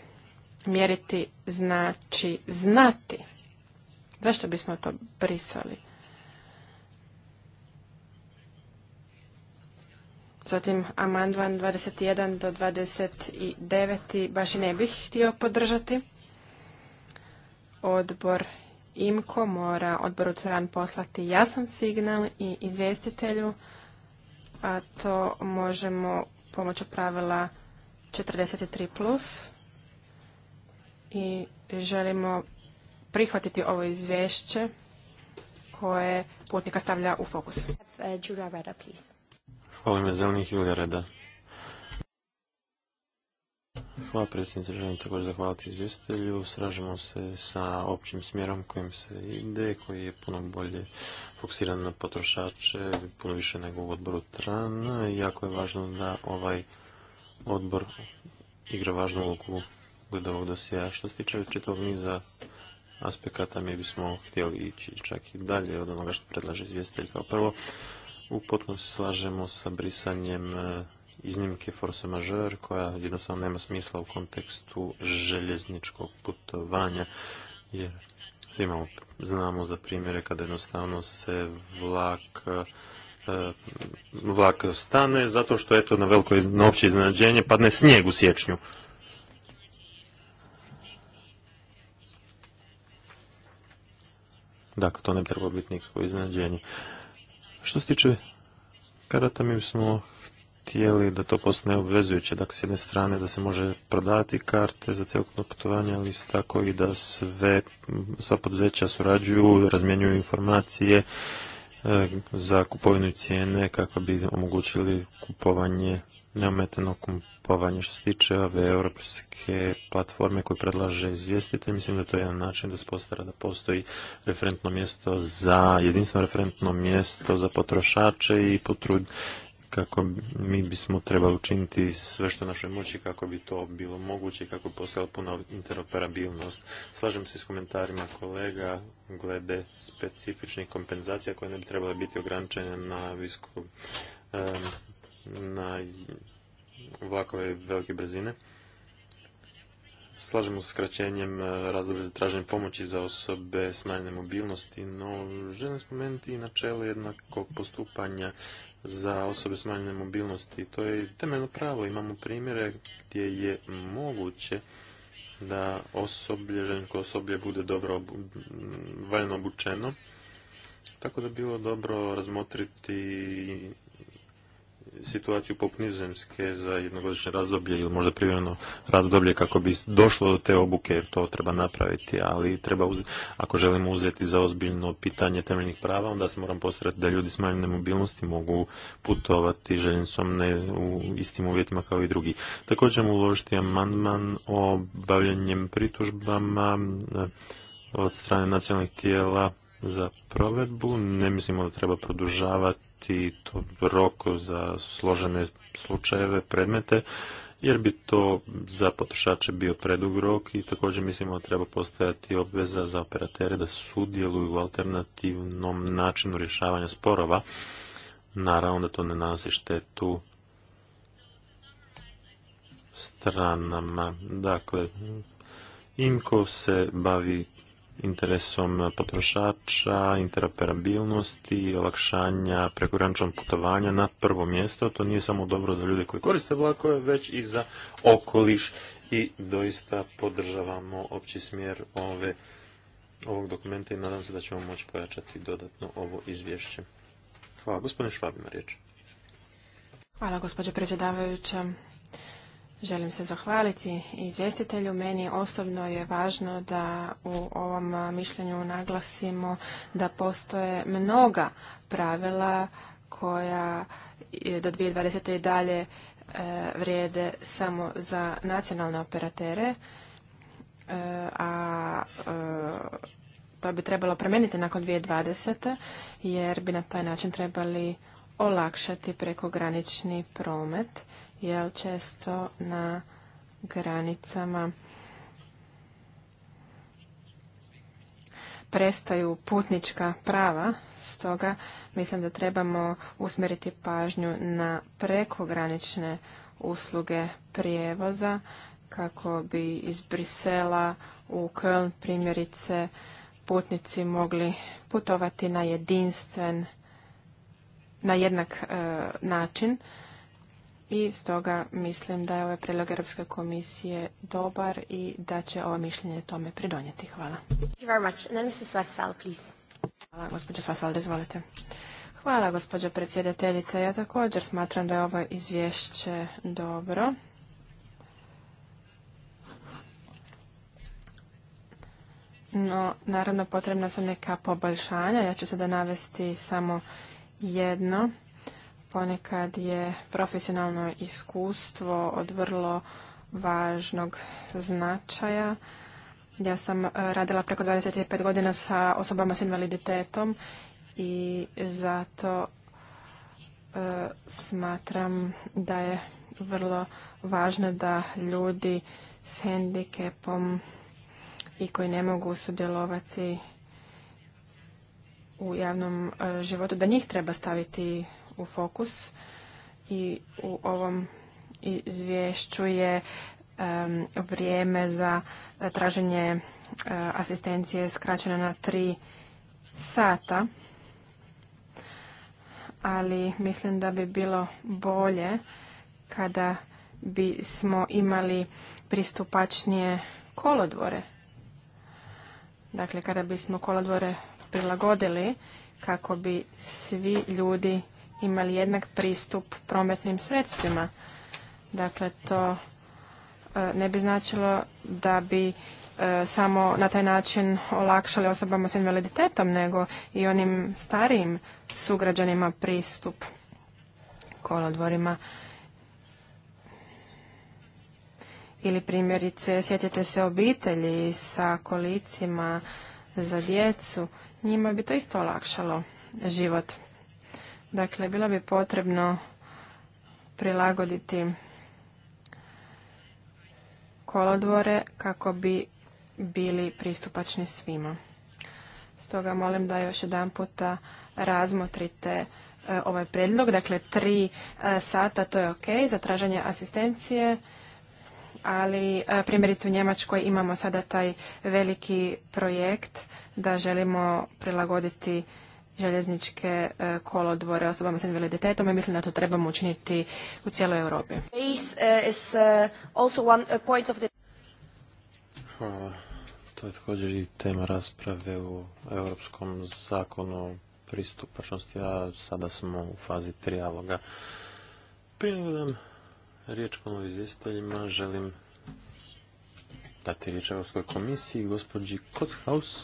Speaker 2: mjeriti znači znati? Zašto bismo to brisali? Zatim amandman 21 do 29 baš i ne bih htio podržati. Odbor IMKO mora odboru TRAN poslati jasan signal i izvjestitelju, a to možemo pomoću pravila 43+. I želimo prihvatiti ovo izvješće koje putnika stavlja u fokus. Uh,
Speaker 3: Hvala ime zelenih Julija Reda. Hvala predsjednice, želim također zahvaliti izvjestitelju. Sražimo se sa općim smjerom kojim se ide, koji je puno bolje fokusiran na potrošače, puno više nego u odboru TRAN. Jako je važno da ovaj odbor igra važnu ulogu glede ovog dosija. Što se tiče čitavog niza aspekata, mi bismo htjeli ići čak i dalje od onoga što predlaže izvjestitelj kao prvo u potpunosti slažemo sa brisanjem e, iznimke force majeure koja jednostavno nema smisla u kontekstu željezničkog putovanja jer imamo, znamo za primjere kada jednostavno se vlak e, vlak stane zato što eto na veliko novče iznenađenje padne snijeg u siječnju. Dakle, to ne treba biti nikakvo iznenađenje. Što se tiče karata, mi smo htjeli da to postane obvezujuće, dakle s jedne strane da se može prodati karte za cjelokupno putovanje, ali isto tako i da sve, sva poduzeća surađuju, razmjenjuju informacije e, za kupovinu cijene kako bi omogućili kupovanje neometano kupovanje. Što se tiče ove europske platforme koje predlaže izvjestitelj, mislim da to je jedan način da se postara da postoji referentno mjesto za, jedinstveno referentno mjesto za potrošače i potrud kako mi bismo trebali učiniti sve što našoj moći kako bi to bilo moguće i kako bi postala puna interoperabilnost. Slažem se s komentarima kolega glede specifičnih kompenzacija koje ne bi trebale biti ograničene na visku na vlakove velike brzine. Slažemo se skraćenjem e, razdoblja za traženje pomoći za osobe s manjene mobilnosti, no želim spomenuti i načelo jednakog postupanja za osobe s manjene mobilnosti. To je temeljno pravo. Imamo primjere gdje je moguće da osoblje, željenko osoblje bude dobro valjeno obučeno. Tako da bilo dobro razmotriti situaciju popnizemske za jednogodišnje razdoblje ili možda privremeno razdoblje kako bi došlo do te obuke jer to treba napraviti, ali treba uzeti, ako želimo uzeti za ozbiljno pitanje temeljnih prava, onda se moram postaviti da ljudi s manjene mobilnosti mogu putovati željeznicom ne u istim uvjetima kao i drugi. Također ćemo uložiti amandman o bavljanjem pritužbama eh, od strane nacionalnih tijela za provedbu. Ne mislimo da treba produžavati to rok za složene slučajeve, predmete, jer bi to za potrošače bio predug rok i također mislimo da treba postojati obveza za operatere da sudjeluju u alternativnom načinu rješavanja sporova. Naravno da to ne nanosi štetu stranama. Dakle, IMCO se bavi interesom potrošača, interoperabilnosti olakšanja prekograničnog putovanja na prvo mjesto. To nije samo dobro za ljude koji koriste vlakove, već i za okoliš i doista podržavamo opći smjer ove, ovog dokumenta i nadam se da ćemo moći pojačati dodatno ovo izvješće. Hvala. gospodine Švabima, riječ.
Speaker 2: Hvala, gospođo predsjedavajuća. Želim se zahvaliti izvjestitelju. Meni osobno je važno da u ovom mišljenju naglasimo da postoje mnoga pravila koja do 2020. i dalje e, vrijede samo za nacionalne operatere, e, a e, to bi trebalo promijeniti nakon 2020. jer bi na taj način trebali olakšati prekogranični promet jel često na granicama prestaju putnička prava, stoga mislim da trebamo usmjeriti pažnju na prekogranične usluge prijevoza kako bi iz Brisela u Köln primjerice putnici mogli putovati na jedinstven, na jednak e, način i stoga mislim da je ovaj predlog Europske komisije dobar i da će ovo mišljenje tome pridonijeti. Hvala. Hvala, gospođo Svasvalda, izvolite. Hvala, gospođo predsjedateljica. Ja također smatram da je ovo izvješće dobro. No, naravno, potrebna su neka poboljšanja. Ja ću sada navesti samo jedno Ponekad je profesionalno iskustvo od vrlo važnog značaja. Ja sam e, radila preko 25 godina sa osobama s invaliditetom i zato e, smatram da je vrlo važno da ljudi s hendikepom i koji ne mogu sudjelovati u javnom e, životu, da njih treba staviti u fokus i u ovom izvješću je vrijeme za traženje eh, asistencije skraćeno na tri sata, ali mislim da bi bilo bolje kada bismo imali pristupačnije kolodvore. Dakle, kada bismo kolodvore prilagodili kako bi svi ljudi imali jednak pristup prometnim sredstvima. Dakle, to e, ne bi značilo da bi e, samo na taj način olakšali osobama s invaliditetom, nego i onim starijim sugrađanima pristup kolodvorima. Ili primjerice, sjetite se obitelji sa kolicima za djecu, njima bi to isto olakšalo život. Dakle, bilo bi potrebno prilagoditi kolodvore kako bi bili pristupačni svima. Stoga molim da još jedan puta razmotrite e, ovaj predlog. Dakle, tri e, sata to je ok za traženje asistencije, ali e, primjerice u Njemačkoj imamo sada taj veliki projekt da želimo prilagoditi željezničke e, kolodvore osobama s invaliditetom i mislim da to trebamo učiniti u cijeloj Europi. E, e,
Speaker 3: Hvala. To je također i tema rasprave u Europskom zakonu o pristupačnosti, a sada smo u fazi trijaloga. Prije nego riječ izvjestiteljima, želim dati riječ Europskoj komisiji, gospođi Kotshaus,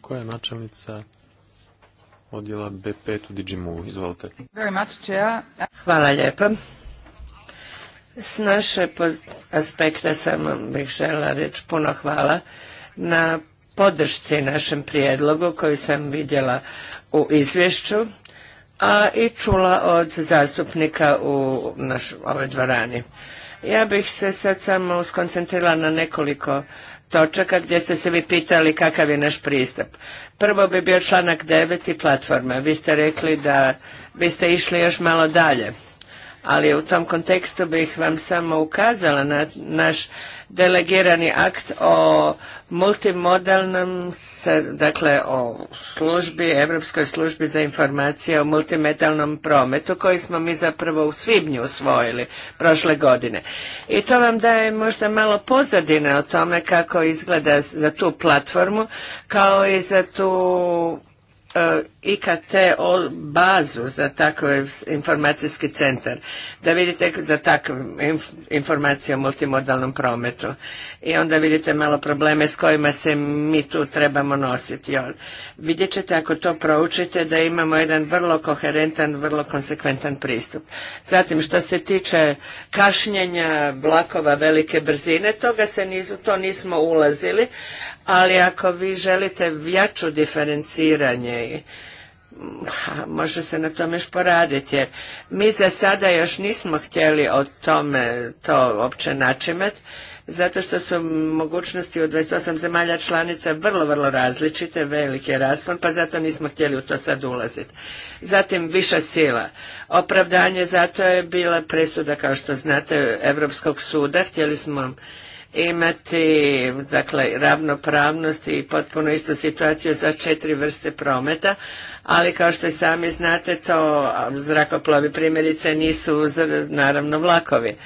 Speaker 3: koja je načelnica odjela B5 u Digimu. Izvolite.
Speaker 1: Hvala lijepo. S naše aspekta samo bih žela reći puno hvala na podršci našem prijedlogu koji sam vidjela u izvješću, a i čula od zastupnika u ovoj dvorani. Ja bih se sad samo skoncentrila na nekoliko točaka gdje ste se vi pitali kakav je naš pristup. Prvo bi bio članak 9 platforme. platforma. Vi ste rekli da biste išli još malo dalje ali u tom kontekstu bih vam samo ukazala na naš delegirani akt o multimodalnom, dakle o službi, Europskoj službi za informacije o multimedalnom prometu koji smo mi zapravo u svibnju usvojili prošle godine. I to vam daje možda malo pozadine o tome kako izgleda za tu platformu kao i za tu e, IKT bazu za takav informacijski centar, da vidite za takvu informacije informaciju o multimodalnom prometu. I onda vidite malo probleme s kojima se mi tu trebamo nositi. Vidjet ćete ako to proučite da imamo jedan vrlo koherentan, vrlo konsekventan pristup. Zatim što se tiče kašnjenja vlakova velike brzine, toga se nizu to nismo ulazili, ali ako vi želite jaču diferenciranje može se na tome još poraditi jer mi za sada još nismo htjeli o tome to uopće načimet zato što su mogućnosti u 28 zemalja članica vrlo, vrlo različite, veliki je raspon, pa zato nismo htjeli u to sad ulaziti. Zatim viša sila. Opravdanje zato je bila presuda, kao što znate, Europskog suda. Htjeli smo imati dakle ravnopravnost i potpuno istu situaciju za četiri vrste prometa, ali kao što i sami znate to zrakoplovi primjerice nisu naravno vlakovi.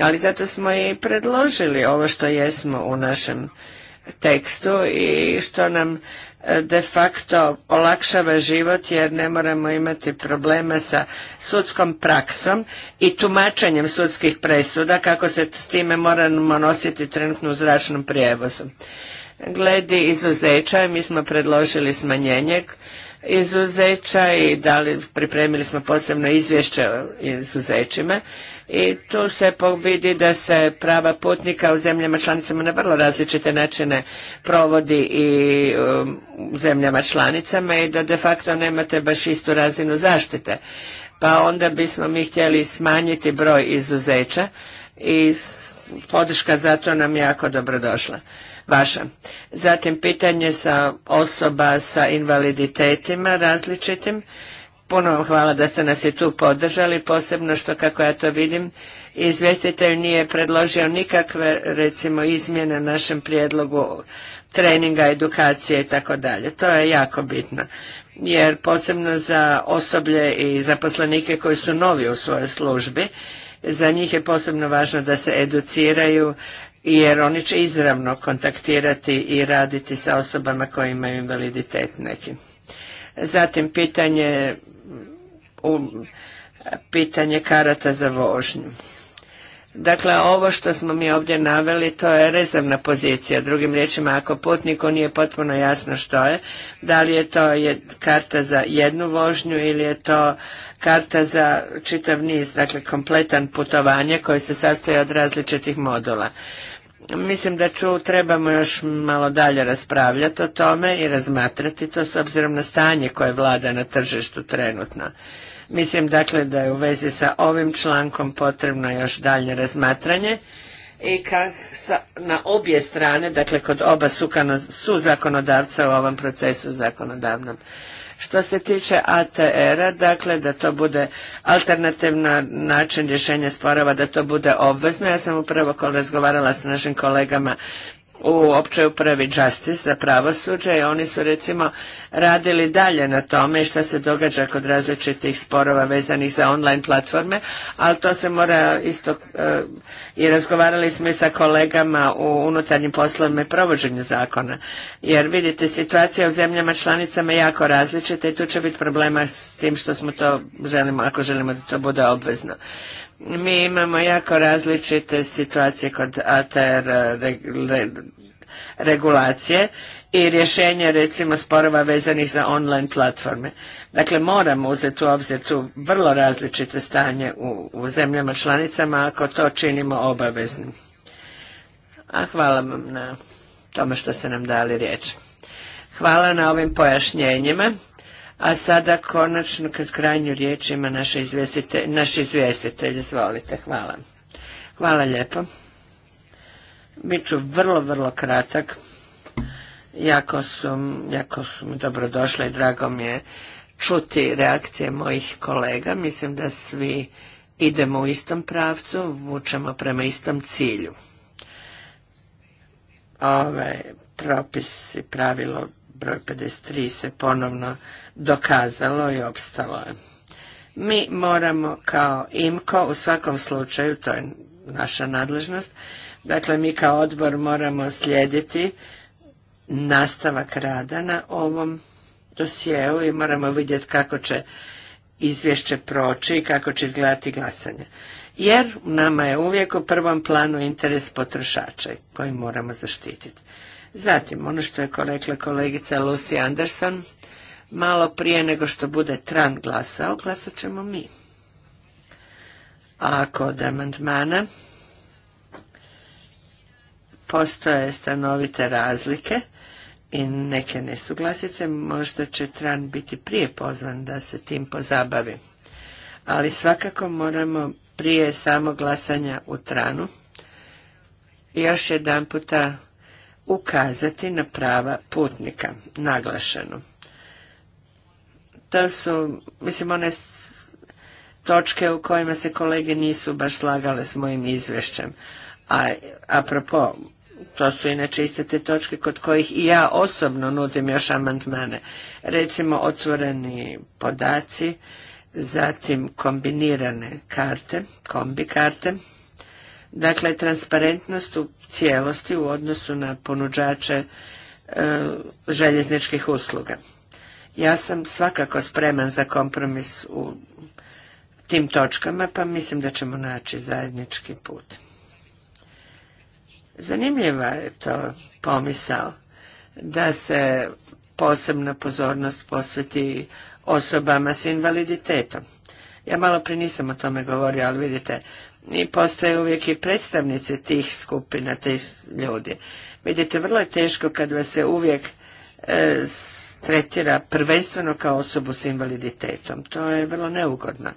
Speaker 1: Ali zato smo i predložili ovo što jesmo u našem tekstu i što nam de facto olakšava život jer ne moramo imati problema sa sudskom praksom i tumačenjem sudskih presuda kako se s time moramo nositi trenutno u zračnom prijevozu. Gledi izuzeća, mi smo predložili smanjenje izuzeća i da li pripremili smo posebno izvješće o izuzećima i tu se vidi da se prava putnika u zemljama članicama na vrlo različite načine provodi i um, u zemljama članicama i da de facto nemate baš istu razinu zaštite. Pa onda bismo mi htjeli smanjiti broj izuzeća i podrška za to nam jako dobro došla vaša. Zatim pitanje sa osoba sa invaliditetima različitim. Puno vam hvala da ste nas i tu podržali, posebno što kako ja to vidim, izvjestitelj nije predložio nikakve recimo izmjene našem prijedlogu treninga, edukacije i tako dalje. To je jako bitno jer posebno za osoblje i zaposlenike koji su novi u svojoj službi, za njih je posebno važno da se educiraju jer oni će izravno kontaktirati i raditi sa osobama koje imaju invaliditet neki. Zatim pitanje, pitanje karata za vožnju. Dakle, ovo što smo mi ovdje naveli, to je rezervna pozicija. Drugim riječima, ako putniku nije potpuno jasno što je, da li je to karta za jednu vožnju ili je to karta za čitav niz, dakle kompletan putovanje koji se sastoji od različitih modula. Mislim da ću, trebamo još malo dalje raspravljati o tome i razmatrati to s obzirom na stanje koje vlada na tržištu trenutno. Mislim dakle da je u vezi sa ovim člankom potrebno još dalje razmatranje i ka, sa, na obje strane, dakle kod oba su, su zakonodavca u ovom procesu zakonodavnom. Što se tiče ATR-a, dakle da to bude alternativna način rješenja sporova, da to bude obvezno. Ja sam upravo razgovarala sa našim kolegama u općoj upravi Justice za pravosuđe i oni su recimo radili dalje na tome šta se događa kod različitih sporova vezanih za online platforme, ali to se mora isto eh, i razgovarali smo i sa kolegama u unutarnjim poslovima i provođenju zakona. Jer vidite, situacija u zemljama članicama je jako različita i tu će biti problema s tim što smo to želimo, ako želimo da to bude obvezno. Mi imamo jako različite situacije kod ATR eh, regulacije i rješenje recimo sporova vezanih za online platforme. Dakle, moramo uzeti u obzir tu vrlo različite stanje u, u zemljama članicama ako to činimo obaveznim. A hvala vam na tome što ste nam dali riječ. Hvala na ovim pojašnjenjima. A sada konačno kad krajnju riječ ima naš izvjestitelj, izvolite, hvala. Hvala lijepo. Biću vrlo, vrlo kratak. Jako su, jako su mi dobrodošle i drago mi je čuti reakcije mojih kolega. Mislim da svi idemo u istom pravcu, vučemo prema istom cilju. Ovaj propis i pravilo broj 53 se ponovno dokazalo i opstalo je. Mi moramo kao IMKO u svakom slučaju, to je naša nadležnost, dakle mi kao odbor moramo slijediti nastavak rada na ovom dosjeu i moramo vidjeti kako će izvješće proći i kako će izgledati glasanje. Jer nama je uvijek u prvom planu interes potrošača koji moramo zaštititi. Zatim, ono što je rekla kolegica Lucy Anderson, malo prije nego što bude Tran glasao, glasat ćemo mi. A kod amandmana postoje stanovite razlike i neke nesuglasice, možda će Tran biti prije pozvan da se tim pozabavi. Ali svakako moramo prije samo glasanja u Tranu još jedan puta ukazati na prava putnika, naglašeno to su, mislim, one točke u kojima se kolege nisu baš slagale s mojim izvješćem. A apropo, to su inače iste te točke kod kojih i ja osobno nudim još amandmane. Recimo otvoreni podaci, zatim kombinirane karte, kombi karte, dakle transparentnost u cijelosti u odnosu na ponuđače e, željezničkih usluga. Ja sam svakako spreman za kompromis u tim točkama, pa mislim da ćemo naći zajednički put. Zanimljiva je to pomisao da se posebna pozornost posveti osobama s invaliditetom. Ja malo prije nisam o tome govorio, ali vidite, i postoje uvijek i predstavnici tih skupina, tih ljudi. Vidite, vrlo je teško kad vas se uvijek e, tretira prvenstveno kao osobu s invaliditetom. To je vrlo neugodno.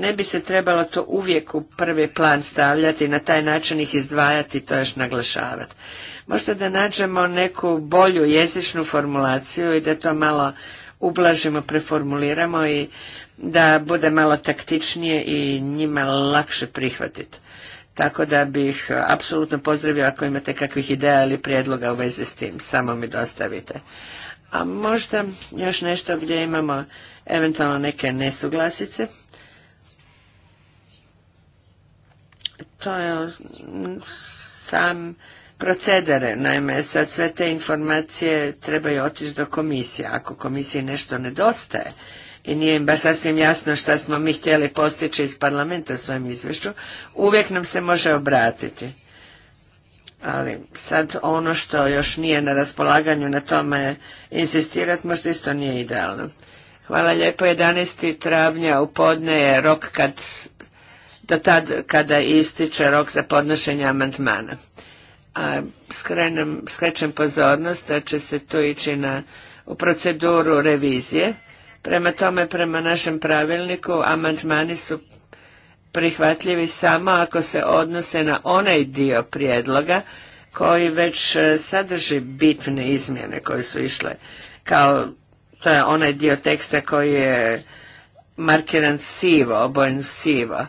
Speaker 1: Ne, bi se trebalo to uvijek u prvi plan stavljati, na taj način ih izdvajati, to još naglašavati. Možda da nađemo neku bolju jezičnu formulaciju i da to malo ublažimo, preformuliramo i da bude malo taktičnije i njima lakše prihvatiti. Tako da bih e, apsolutno pozdravio ako imate kakvih ideja ili prijedloga u vezi s tim, samo mi dostavite. A možda još nešto gdje imamo eventualno neke nesuglasice. To je sam procedere. Naime, sad sve te informacije trebaju otići do komisije. Ako komisiji nešto nedostaje i nije im baš sasvim jasno što smo mi htjeli postići iz parlamenta u svojem izvješću, uvijek nam se može obratiti ali sad ono što još nije na raspolaganju na tome insistirati možda isto nije idealno. Hvala lijepo. 11. travnja u podne je rok kad, do tad kada ističe rok za podnošenje amandmana. A skrenem, skrećem pozornost da će se tu ići na, u proceduru revizije. Prema tome, prema našem pravilniku, amandmani su prihvatljivi samo ako se odnose na onaj dio prijedloga koji već e, sadrži bitne izmjene koje su išle kao to je onaj dio teksta koji je markiran sivo, obojen sivo,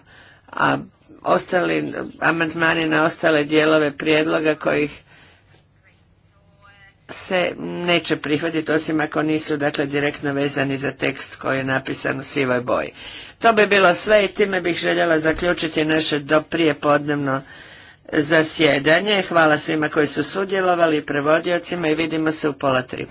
Speaker 1: a ostali amandmani na ostale dijelove prijedloga kojih se neće prihvatiti osim ako nisu dakle direktno vezani za tekst koji je napisan u sivoj boji. To bi bilo sve i time bih željela zaključiti naše do podnevno zasjedanje. Hvala svima koji su sudjelovali i prevodiocima i vidimo se u pola tri.